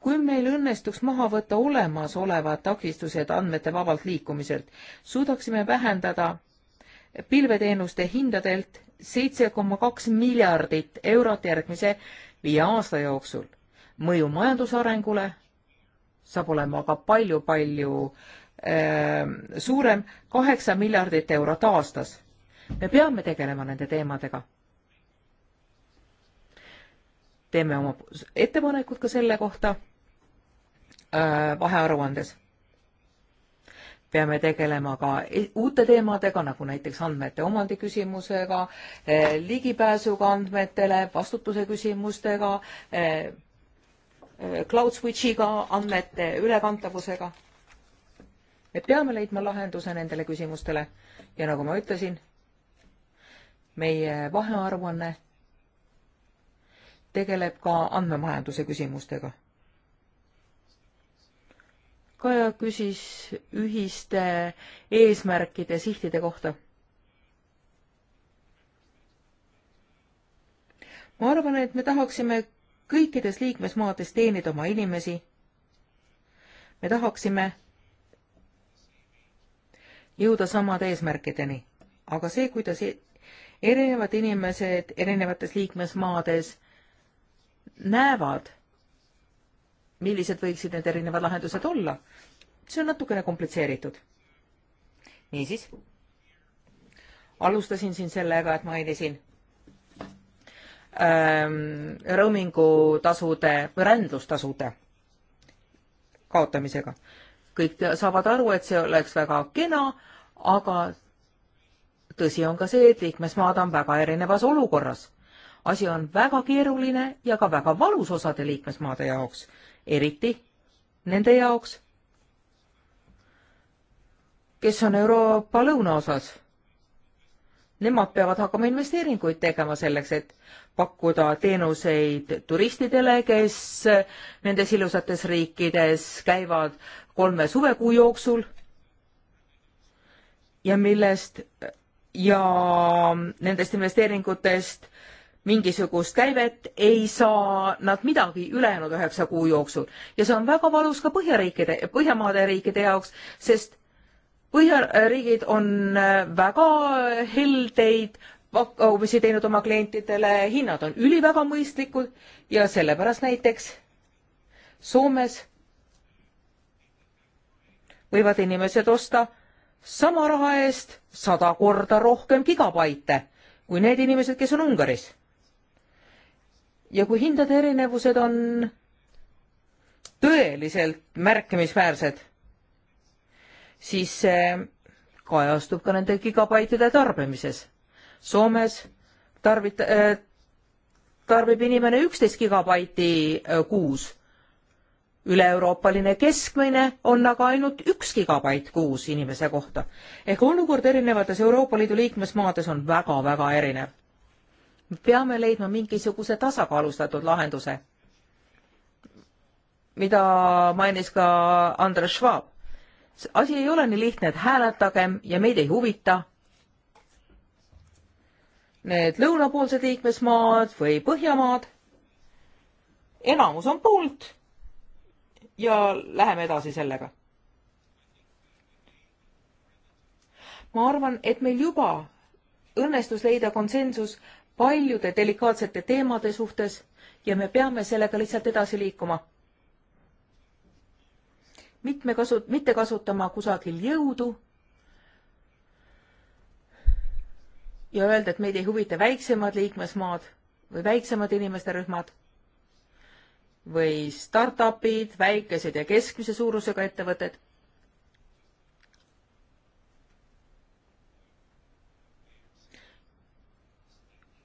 kui meil õnnestuks maha võtta olemasolevad takistused andmete vabalt liikumiselt, suudaksime vähendada pilveteenuste hindadelt seitse koma kaks miljardit eurot järgmise viie aasta jooksul. mõju majandusarengule saab olema aga palju-palju äh, Ehm, suurem kaheksa miljardit eurot aastas. me peame tegelema nende teemadega. teeme oma ettepanekud ka selle kohta äh, vahearuandes. peame tegelema ka e-, uute teemadega, nagu näiteks andmete omandi küsimusega, äh, ligipääsuga andmetele, vastutuse küsimustega, äh, cloud switch'iga, andmete ülekantavusega me peame leidma lahenduse nendele küsimustele ja nagu ma ütlesin, meie vahearuanne tegeleb ka andmemajanduse küsimustega. Kaja küsis ühiste eesmärkide sihtide kohta. ma arvan, et me tahaksime kõikides liikmesmaades teenida oma inimesi. me tahaksime jõuda samade eesmärkideni. aga see, kuidas erinevad inimesed erinevates liikmesmaades näevad, millised võiksid need erinevad lahendused olla, see on natukene komplitseeritud. niisiis, alustasin siin sellega, et mainisin ähm, roamingu tasude või rändlustasude kaotamisega äh, kõik saavad aru, et see oleks väga kena, aga tõsi on ka see, et liikmesmaad on väga erinevas olukorras. asi on väga keeruline ja ka väga valus osade liikmesmaade jaoks, eriti nende jaoks, kes on Euroopa lõunaosas. Nemad peavad hakkama investeeringuid tegema selleks, et pakkuda teenuseid turistidele, kes nendes ilusates riikides käivad kolme suvekuu jooksul ja millest ja nendest investeeringutest mingisugust käivet ei saa nad midagi ülejäänud üheksa kuu jooksul ja see on väga valus ka Põhjariikide, Põhjamaade riikide jaoks, sest Põhjariigid on äh, väga heldeid pakkumisi teinud oma klientidele, hinnad on üliväga mõistlikud ja sellepärast näiteks Soomes võivad inimesed osta sama raha eest sada korda rohkem gigabaite kui need inimesed, kes on Ungaris. ja kui hindade erinevused on tõeliselt märkimisväärsed, siis see kajastub ka nende gigabaitide tarbimises. Soomes tarbit- äh,, tarbib inimene üksteist gigabaiti äh, kuus üle-Euroopaline keskmine on aga ainult üks gigabait kuus inimese kohta. ehk olukord erinevates Euroopa Liidu liikmesmaades on väga-väga erinev. me peame leidma mingisuguse tasakaalustatud lahenduse, mida mainis ka Andres Schwab. asi ei ole nii lihtne, et hääletagem ja meid ei huvita need lõunapoolsed liikmesmaad või Põhjamaad. enamus on poolt ja läheme edasi sellega. ma arvan, et meil juba õnnestus leida konsensus paljude delikaatsete teemade suhtes ja me peame sellega lihtsalt edasi liikuma. mitme kasu, mitte kasutama kusagil jõudu ja öelda, et meid ei huvita väiksemad liikmesmaad või väiksemad inimeste rühmad või startupid, väikesed ja keskmise suurusega ettevõtted.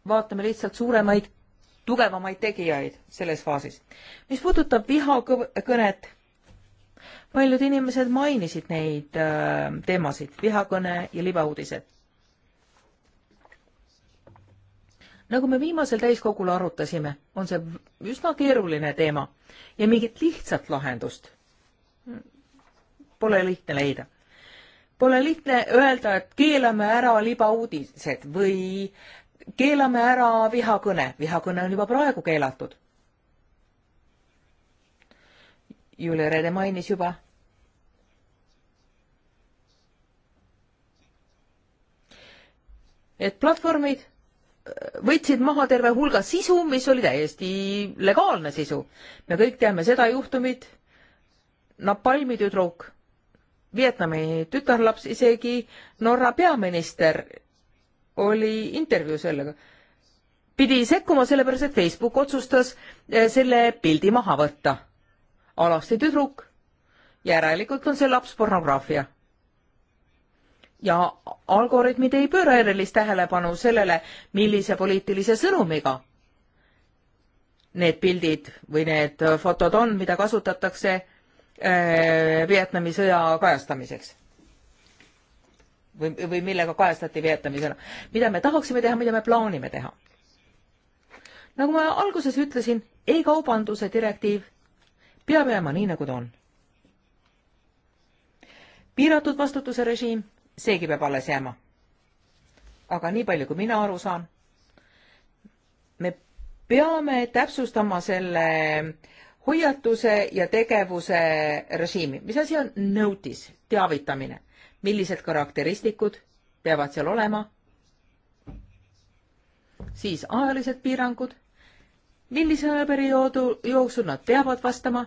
vaatame lihtsalt suuremaid, tugevamaid tegijaid selles faasis. mis puudutab vihakõnet, paljud inimesed mainisid neid äh, teemasid, vihakõne ja libauudised nagu me viimasel täiskogul arutasime, on see üsna keeruline teema ja mingit lihtsat lahendust pole lihtne leida. Pole lihtne öelda, et keelame ära libauudised või keelame ära vihakõne, vihakõne on juba praegu keelatud. Julia Rede mainis juba et platvormid võtsid maha terve hulga sisu, mis oli täiesti legaalne sisu. me kõik teame seda juhtumit, Napalmi tüdruk, Vietnami tütarlaps, isegi Norra peaminister oli intervjuu sellega. pidi sekkuma sellepärast, et Facebook otsustas eh, selle pildi maha võtta. alasti tüdruk, järelikult on see laps pornograafia ja algoritmid ei pööra erilist tähelepanu sellele, millise poliitilise sõnumiga need pildid või need fotod on, mida kasutatakse äh, Vietnami sõja kajastamiseks. või, või millega kajastati Vietnami sõna. mida me tahaksime teha, mida me plaanime teha? nagu ma alguses ütlesin e, e-kaubanduse direktiiv peab jääma nii, nagu ta on. piiratud vastutuse režiim seegi peab alles jääma. aga nii palju, kui mina aru saan, me peame täpsustama selle hoiatuse ja tegevuse režiimi. mis asi on notice, teavitamine? millised karakteristikud peavad seal olema? siis ajalised piirangud, millise ajaperioodi jooksul nad peavad vastama,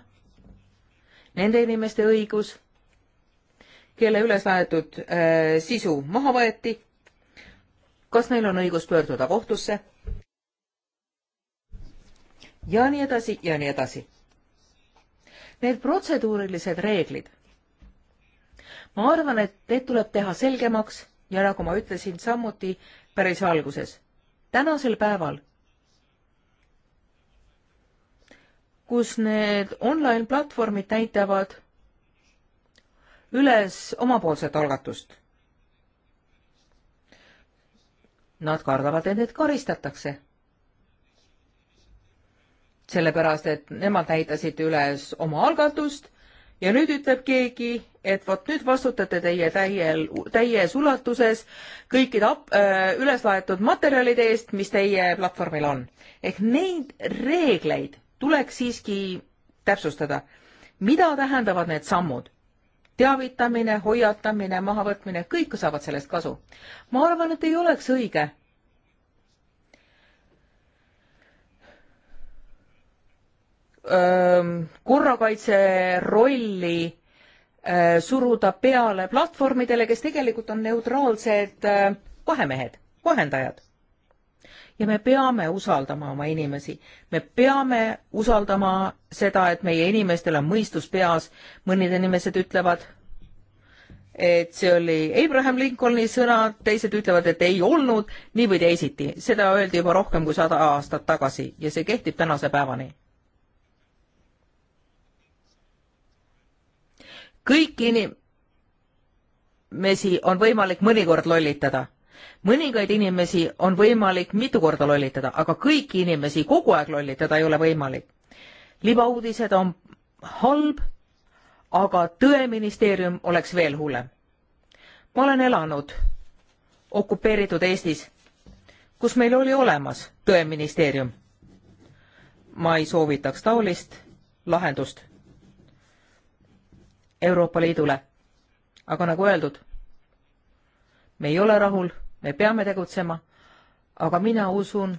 nende inimeste õigus kelle üles laetud äh, sisu maha võeti. kas neil on õigus pöörduda kohtusse? ja nii edasi ja nii edasi. Need protseduurilised reeglid. ma arvan, et need tuleb teha selgemaks ja nagu ma ütlesin samuti päris alguses, tänasel päeval, kus need online platvormid näitavad üles omapoolset algatust. Nad kardavad, et neid karistatakse. sellepärast, et nemad näitasid üles oma algatust ja nüüd ütleb keegi, et vot nüüd vastutate teie täiel, täies ulatuses kõikide ap-, äh, üles laetud materjalide eest, mis teie platvormil on. ehk neid reegleid tuleks siiski täpsustada. mida tähendavad need sammud? teavitamine, hoiatamine, mahavõtmine, kõik saavad sellest kasu. ma arvan, et ei oleks õige. korrakaitse rolli öö, suruda peale platvormidele, kes tegelikult on neutraalsed öö, vahemehed, vahendajad ja me peame usaldama oma inimesi. me peame usaldama seda, et meie inimestel on mõistus peas. mõned inimesed ütlevad, et see oli Abraham Lincolni sõna, teised ütlevad, et ei olnud nii või teisiti. seda öeldi juba rohkem kui sada aastat tagasi ja see kehtib tänase päevani. kõiki inimesi on võimalik mõnikord lollitada mõningaid inimesi on võimalik mitu korda lollitada, aga kõiki inimesi kogu aeg lollitada ei ole võimalik. libauudised on halb, aga tõeministeerium oleks veel hullem. ma olen elanud okupeeritud Eestis, kus meil oli olemas tõeministeerium. ma ei soovitaks taolist lahendust Euroopa Liidule. aga nagu öeldud, me ei ole rahul me peame tegutsema, aga mina usun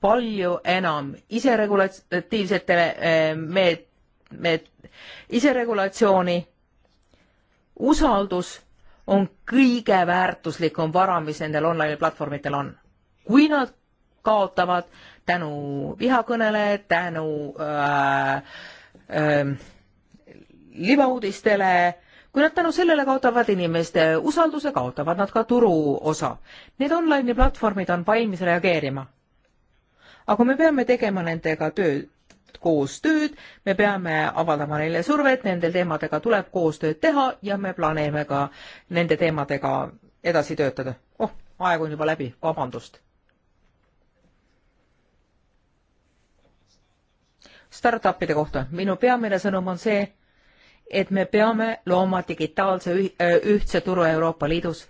palju enam iseregulatiivsete eh, meet-, meet-, iseregulatsiooni, usaldus on kõige väärtuslikum vara, mis nendel online platvormidel on. kui nad kaotavad tänu vihakõnele, tänu äh, äh, libauudistele äh,, kui nad tänu sellele kaotavad inimeste usalduse, kaotavad nad ka turuosa. Need online'i platvormid on valmis reageerima. aga me peame tegema nendega tööd, koostööd, me peame avaldama neile survet, nendel teemadega tuleb koostööd teha ja me planeerime ka nende teemadega edasi töötada. oh, aeg on juba läbi, vabandust. Startupide kohta, minu peamine sõnum on see, et me peame looma digitaalse äh, ühtse turu Euroopa Liidus.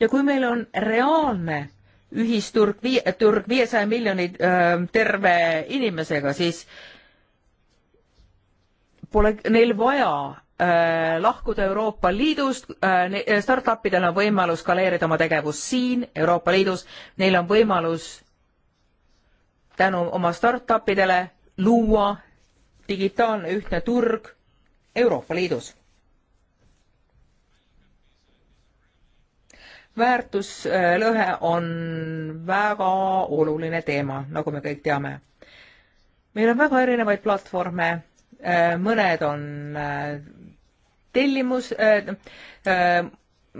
ja kui meil on reaalne ühisturg, turg viiesaja miljoni äh, terve inimesega, siis pole neil vaja Äh, lahkuda Euroopa Liidust äh,, startupidel on võimalus skaleerida oma tegevust siin Euroopa Liidus, neil on võimalus tänu oma startupidele luua digitaalne ühtne turg Euroopa Liidus. väärtuslõhe on väga oluline teema, nagu me kõik teame. meil on väga erinevaid platvorme, mõned on äh, tellimus äh,, äh,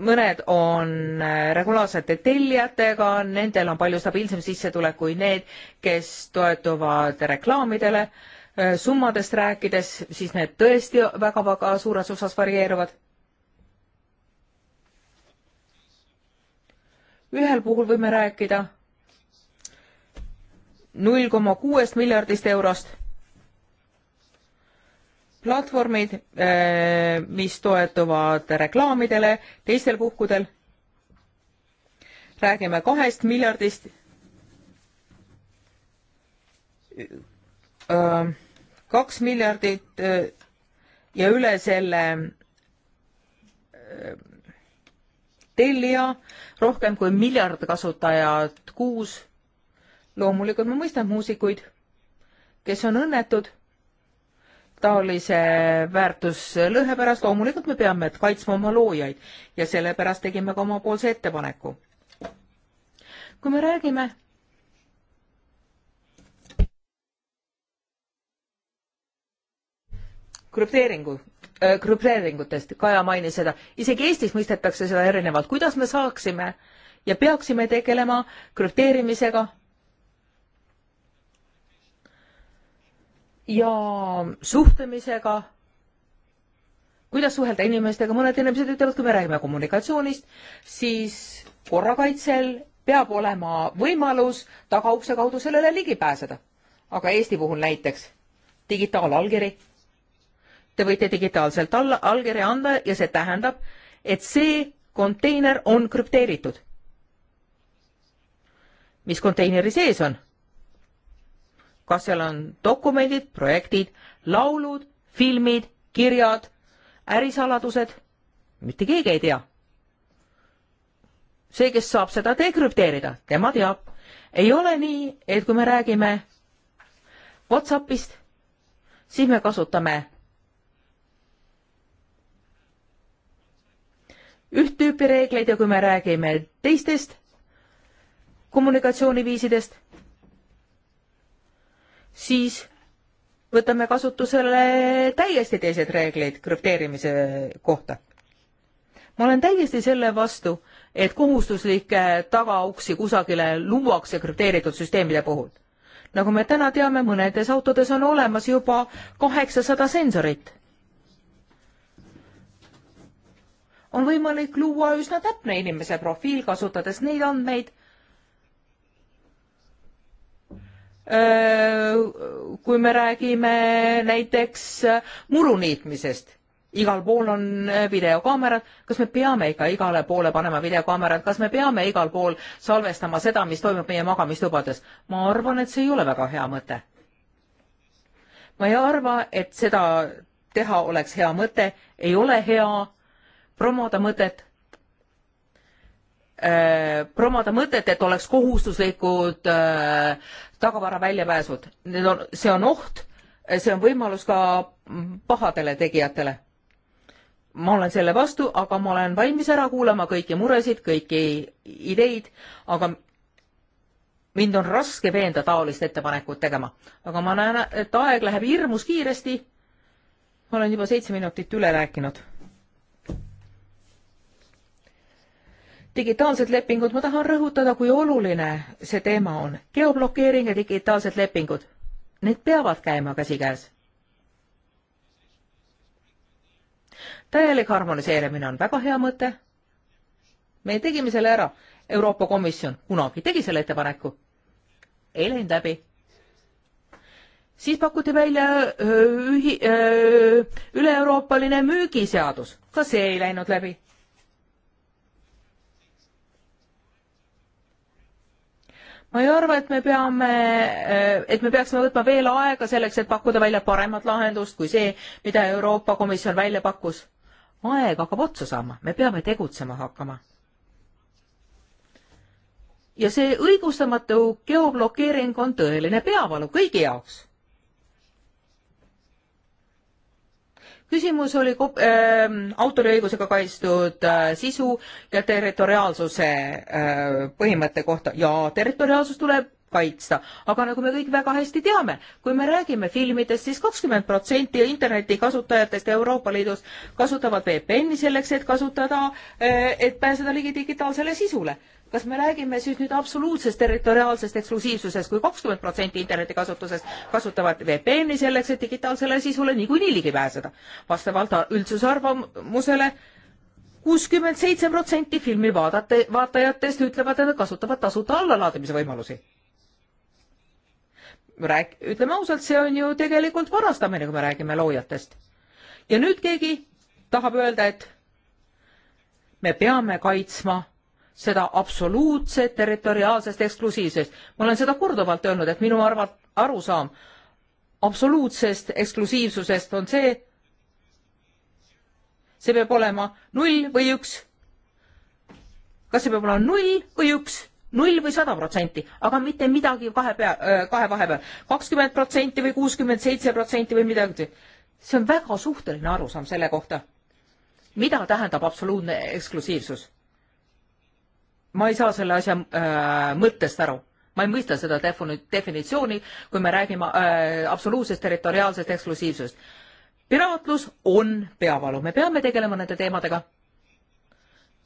mõned on äh, regulaarsete tellijatega, nendel on palju stabiilsem sissetulek kui need, kes toetuvad reklaamidele. Äh, summadest rääkides, siis need tõesti väga-väga suures osas varieeruvad. ühel puhul võime rääkida null koma kuuest miljardist eurost platvormid, eh, mis toetuvad reklaamidele, teistel puhkudel räägime kahest miljardist eh, kaks miljardit eh, ja üle selle tellija, rohkem kui miljard kasutajat kuus. loomulikult ma mõistan muusikuid, kes on õnnetud taolise väärtuslõhe pärast loomulikult me peame kaitsma oma loojaid ja sellepärast tegime ka omapoolse ettepaneku. kui me räägime krüpteeringu, äh, krüpteeringutest, Kaja mainis seda, isegi Eestis mõistetakse seda erinevalt, kuidas me saaksime ja peaksime tegelema krüpteerimisega ja suhtlemisega, kuidas suhelda inimestega, mõned inimesed ütlevad, kui me räägime kommunikatsioonist, siis korrakaitsel peab olema võimalus tagaukse kaudu sellele ligi pääseda. aga Eesti puhul näiteks digitaalallkiri. Te võite digitaalselt alla, allkirja anda ja see tähendab, et see konteiner on krüpteeritud. mis konteineri sees on? kas seal on dokumendid, projektid, laulud, filmid, kirjad, ärisaladused, mitte keegi ei tea. see, kes saab seda dekrüpteerida, tema teab. ei ole nii, et kui me räägime Whatsappist, siis me kasutame üht tüüpi reegleid ja kui me räägime teistest kommunikatsiooniviisidest siis võtame kasutusele täiesti teised reeglid krüpteerimise kohta. ma olen täiesti selle vastu, et kohustuslikke tagauksi kusagile luuakse krüpteeritud süsteemide puhul. nagu me täna teame, mõnedes autodes on olemas juba kaheksasada sensorit. on võimalik luua üsna täpne inimese profiil, kasutades neid andmeid Äh, kui me räägime näiteks äh, muru niitmisest, igal pool on äh, videokaamerad, kas me peame ikka igale poole panema videokaamerad, kas me peame igal pool salvestama seda, mis toimub meie magamistubades? ma arvan, et see ei ole väga hea mõte. ma ei arva, et seda teha oleks hea mõte, ei ole hea promoda mõtet, Äh, promoda mõtet, et oleks kohustuslikud äh, tagavara väljapääsud. Need on, see on oht, see on võimalus ka pahadele tegijatele. ma olen selle vastu, aga ma olen valmis ära kuulama kõiki muresid, kõiki ideid, aga mind on raske veenda taolist ettepanekut tegema. aga ma näen, et aeg läheb hirmus kiiresti. ma olen juba seitse minutit üle rääkinud digitaalsed lepingud, ma tahan rõhutada, kui oluline see teema on. geoblokeering ja digitaalsed lepingud, need peavad käima käsikäes. täielik harmoniseerimine on väga hea mõte. me tegime selle ära. Euroopa Komisjon kunagi tegi selle ettepaneku. ei läinud läbi. siis pakuti välja äh, ühi-, äh, üle-euroopaline müügiseadus, ka see ei läinud läbi ma ei arva, et me peame, äh, et me peaksime võtma veel aega selleks, et pakkuda välja paremat lahendust kui see, mida Euroopa Komisjon välja pakkus. aeg hakkab otsa saama, me peame tegutsema hakkama. ja see õigustamatu geoblokeering on tõeline peavalu kõigi jaoks küsimus oli äh, autoriõigusega kaitstud äh, sisu ja territoriaalsuse äh, põhimõtte kohta ja territoriaalsus tuleb kaitsta, aga nagu me kõik väga hästi teame, kui me räägime filmidest siis, siis kakskümmend protsenti interneti kasutajatest Euroopa Liidus kasutavad VPN-i selleks, et kasutada, äh, et pääseda ligi digitaalsele sisule kas me räägime siis nüüd absoluutsest territoriaalsest eksklusiivsusest kui, kui kakskümmend protsenti internetikasutusest kasutavad VPN-i selleks, et digitaalsele sisule niikuinii ligi pääseda? vastavalt üldsuse arvamusele kuuskümmend seitse protsenti filmi vaadate, vaatajatest ütlevad, et nad kasutavad tasuta allalaadimise võimalusi rääk-, ütleme ausalt, see on ju tegelikult varastamine, kui me räägime loojatest. ja nüüd keegi tahab öelda, et me peame kaitsma seda absoluutset territoriaalsest eksklusiivsust. ma olen seda korduvalt öelnud, et minu arvat-, arusaam absoluutsest eksklusiivsusest on see, see peab olema null või üks. kas see peab olema null või üks, null või sada protsenti, aga mitte midagi kahe pea, äh, kahe vahepeal, kakskümmend protsenti või kuuskümmend seitse protsenti või midagi. see on väga suhteline arusaam selle kohta, mida tähendab absoluutne eksklusiivsus ma ei saa selle asja äh, mõttest aru ma ei mõista seda definitsiooni, kui me räägime äh, absoluutsest territoriaalsest eksklusiivsusest. piraatlus on peavalu, me peame tegelema nende teemadega.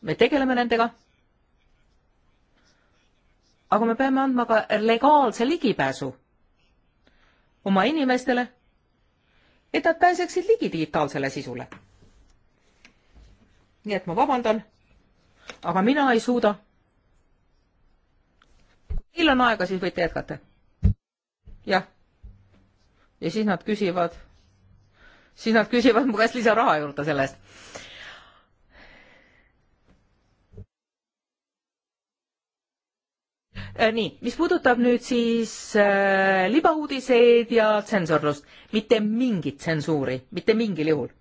me tegeleme nendega. aga me peame andma ka legaalse ligipääsu oma inimestele, et nad pääseksid ligi digitaalsele sisule. nii et ma vabandan, aga mina ei suuda Teil on aega, siis võite jätkata. jah. ja siis nad küsivad, siis nad küsivad mu käest lisaraha juurde selle eest. Äh, nii, mis puudutab nüüd siis äh, libauudiseid ja tsensorlust, mitte mingit tsensuuri, mitte mingil juhul.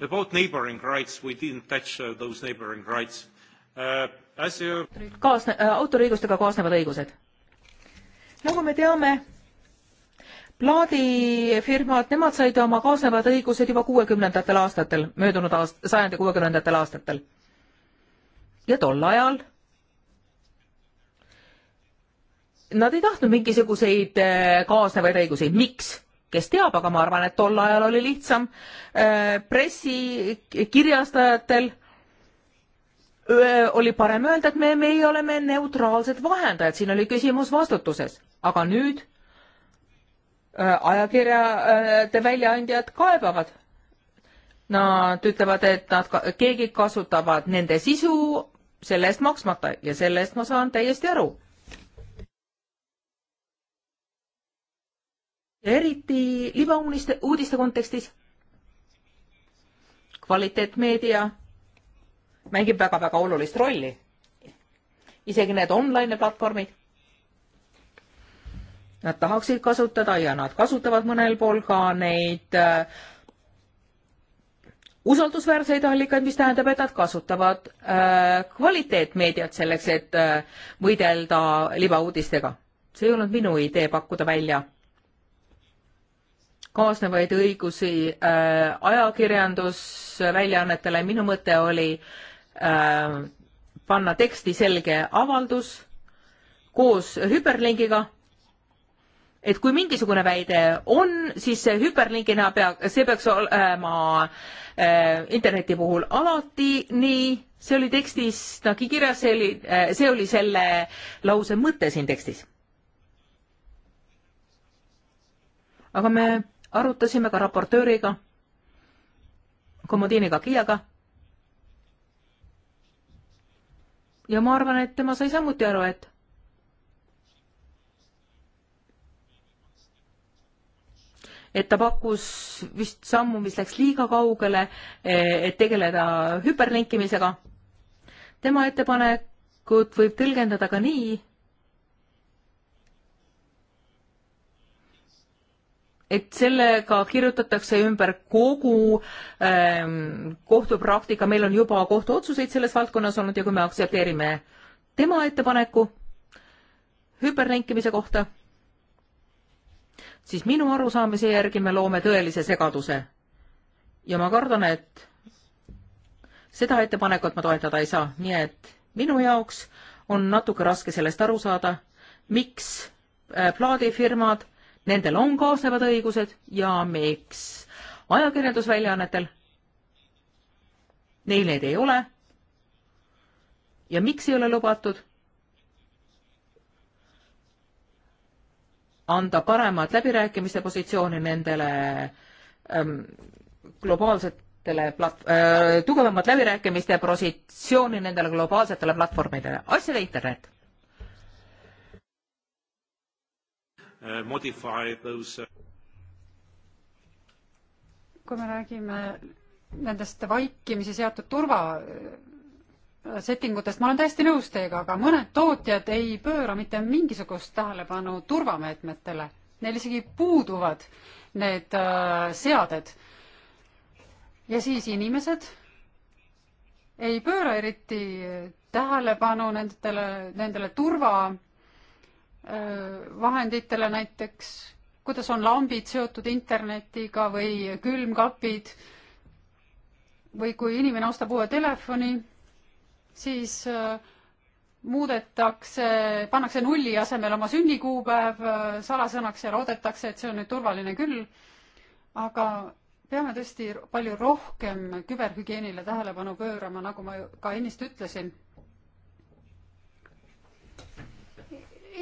About neighboring rights, we didn't touch uh, those neighboring rights uh,. You... kaasne- äh,, autoriõigustega kaasnevad õigused. nagu me teame, plaadifirmad, nemad said oma kaasnevad õigused juba kuuekümnendatel aastatel, möödunud aast-, sajandi kuuekümnendatel aastatel. ja tol ajal nad ei tahtnud mingisuguseid äh, kaasnevaid õigusi, miks? kes teab, aga ma arvan, et tol ajal oli lihtsam äh, pressikirjastajatel oli parem öelda, et me, meie oleme neutraalsed vahendajad, siin oli küsimus vastutuses, aga nüüd äh, ajakirjade äh, väljaandjad kaebavad. Nad ütlevad, et nad, keegi kasutavad nende sisu selle eest maksmata ja selle eest ma saan täiesti aru eriti libauuniste, uudiste kontekstis. kvaliteetmeedia mängib väga-väga olulist rolli. isegi need online platvormid. Nad tahaksid kasutada ja nad kasutavad mõnel pool ka neid äh, usaldusväärseid allikaid, mis tähendab, et nad kasutavad äh, kvaliteetmeediat selleks, et äh, võidelda libauudistega. see ei olnud minu idee pakkuda välja kaasnevaid õigusi äh, ajakirjandusväljaannetele, minu mõte oli äh, panna teksti selge avaldus koos hüperlingiga, et kui mingisugune väide on, siis see hüperlingina pea, see peaks olema äh, interneti puhul alati nii, see oli tekstis nagu kirjas, see oli äh,, see oli selle lause mõte siin tekstis. aga me arutasime ka raportööriga, Komodiiniga Kiiaga. ja ma arvan, et tema sai samuti aru, et et ta pakkus vist sammu, mis läks liiga kaugele, et tegeleda hüperlinkimisega. tema ettepanekut võib tõlgendada ka nii, et sellega kirjutatakse ümber kogu ähm, kohtupraktika, meil on juba kohtuotsuseid selles valdkonnas olnud ja kui me aktsepteerime tema ettepaneku hüperlinkimise kohta, siis minu arusaamise järgi me loome tõelise segaduse. ja ma kardan, et seda ettepanekut ma toetada ei saa, nii et minu jaoks on natuke raske sellest aru saada, miks äh, plaadifirmad nendel on kaasnevad õigused ja miks ajakirjandusväljaannetel neil neid ei ole ja miks ei ole lubatud anda paremat läbirääkimiste positsiooni nendele ähm, globaalsetele plat- äh,, tugevamat läbirääkimiste positsiooni nendele globaalsetele platvormidele, asjade internet uh, modify those uh... kui me räägime nendest vaikimisi seatud turvasettingutest, uh, ma olen täiesti nõus teiega, aga mõned tootjad ei pööra mitte mingisugust tähelepanu turvameetmetele. Neil isegi puuduvad need äh, seaded. ja siis inimesed ei pööra eriti tähelepanu nendele, nendele turva vahenditele näiteks, kuidas on lambid seotud internetiga või külmkapid või kui inimene ostab uue telefoni, siis äh, muudetakse, pannakse nulli asemel oma sünnikuupäev äh, salasõnaks ja loodetakse, et see on nüüd turvaline küll. aga peame tõesti palju rohkem küberhügieenile tähelepanu pöörama, nagu ma ka ennist ütlesin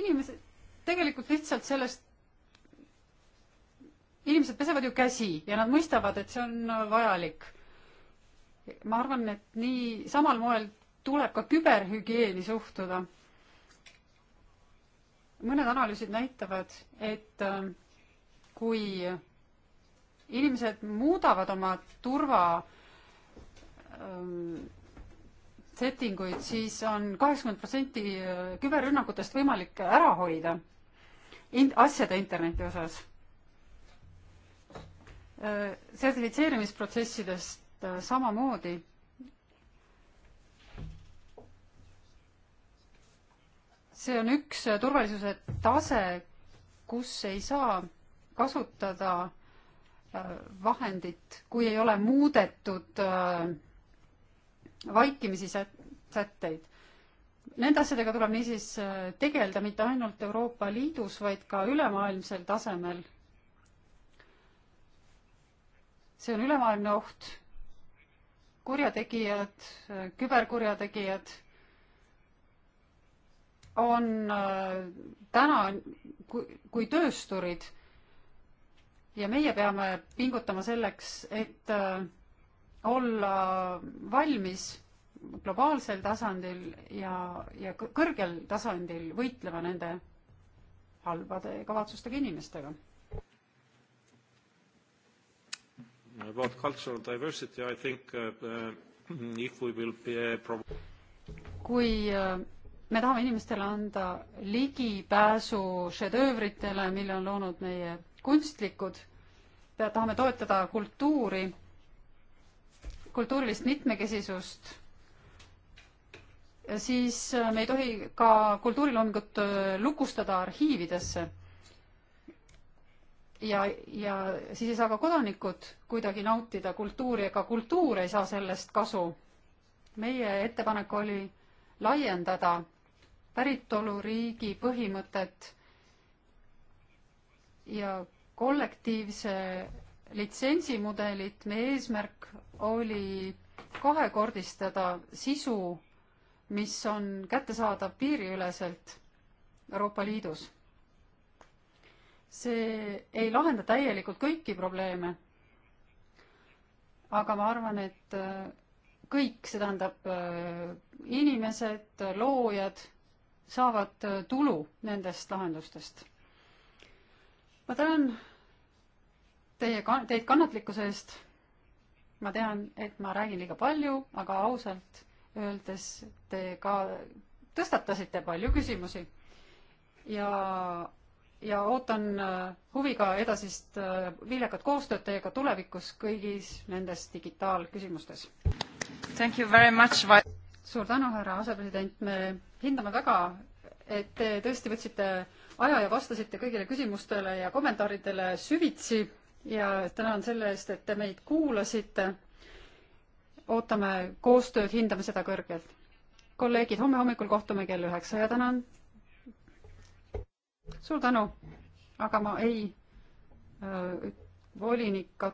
inimesed tegelikult lihtsalt sellest, inimesed pesevad ju käsi ja nad mõistavad, et see on vajalik. ma arvan, et nii samal moel tuleb ka küberhügieeni suhtuda. mõned analüüsid näitavad, et äh, kui inimesed muudavad oma turva äh, settinguid, siis on kaheksakümmend protsenti äh, küberrünnakutest võimalik ära hoida in-, asjade interneti osas. Äh, sertifitseerimisprotsessidest äh, samamoodi. see on üks turvalisuse tase, kus ei saa kasutada vahendit, kui ei ole muudetud äh, vaikimisi sätteid. Nende asjadega tuleb niisiis äh, tegeleda mitte ainult Euroopa Liidus, vaid ka ülemaailmsel tasemel. see on ülemaailmne oht. kurjategijad, äh, küberkurjategijad on äh, täna kui, kui töösturid ja meie peame pingutama selleks, et olla valmis globaalsel tasandil ja, ja kõrgel tasandil võitlema nende halbade kavatsustega inimestega. About cultural diversity I think uh, uh if we will be uh, kui uh, me tahame inimestele anda ligipääsu šedöövritele, mille on loonud meie kunstlikud, tahame toetada kultuuri kultuurilist mitmekesisust, siis äh, me ei tohi ka kultuuriloomingut äh, lukustada arhiividesse. ja, ja siis ei saa ka kodanikud kuidagi nautida kultuuri, ega kultuur ei saa sellest kasu. meie ettepanek oli laiendada päritoluriigi põhimõtet ja kollektiivse litsentsimudelit, meie eesmärk oli kahekordistada sisu, mis on kättesaadav piiriüleselt Euroopa Liidus. see ei lahenda täielikult kõiki probleeme. aga ma arvan, et äh, kõik, see tähendab äh, inimesed, loojad, saavad äh, tulu nendest lahendustest. ma tänan teie, teid kannatlikkuse eest. ma tean, et ma räägin liiga palju, aga ausalt öeldes te ka tõstatasite palju küsimusi ja, ja ootan äh, huviga edasist äh, viljakat koostööd teiega tulevikus kõigis nendes digitaalküsimustes. suur tänu, härra asepresident, me hindame väga, et te tõesti võtsite aja ja vastasite kõigile küsimustele ja kommentaaridele süvitsi ja tänan selle eest, et te meid kuulasite. ootame koostööd, hindame seda kõrgelt. kolleegid, homme hommikul kohtume kell üheksa ja tänan. suur tänu, aga ma ei äh, volinik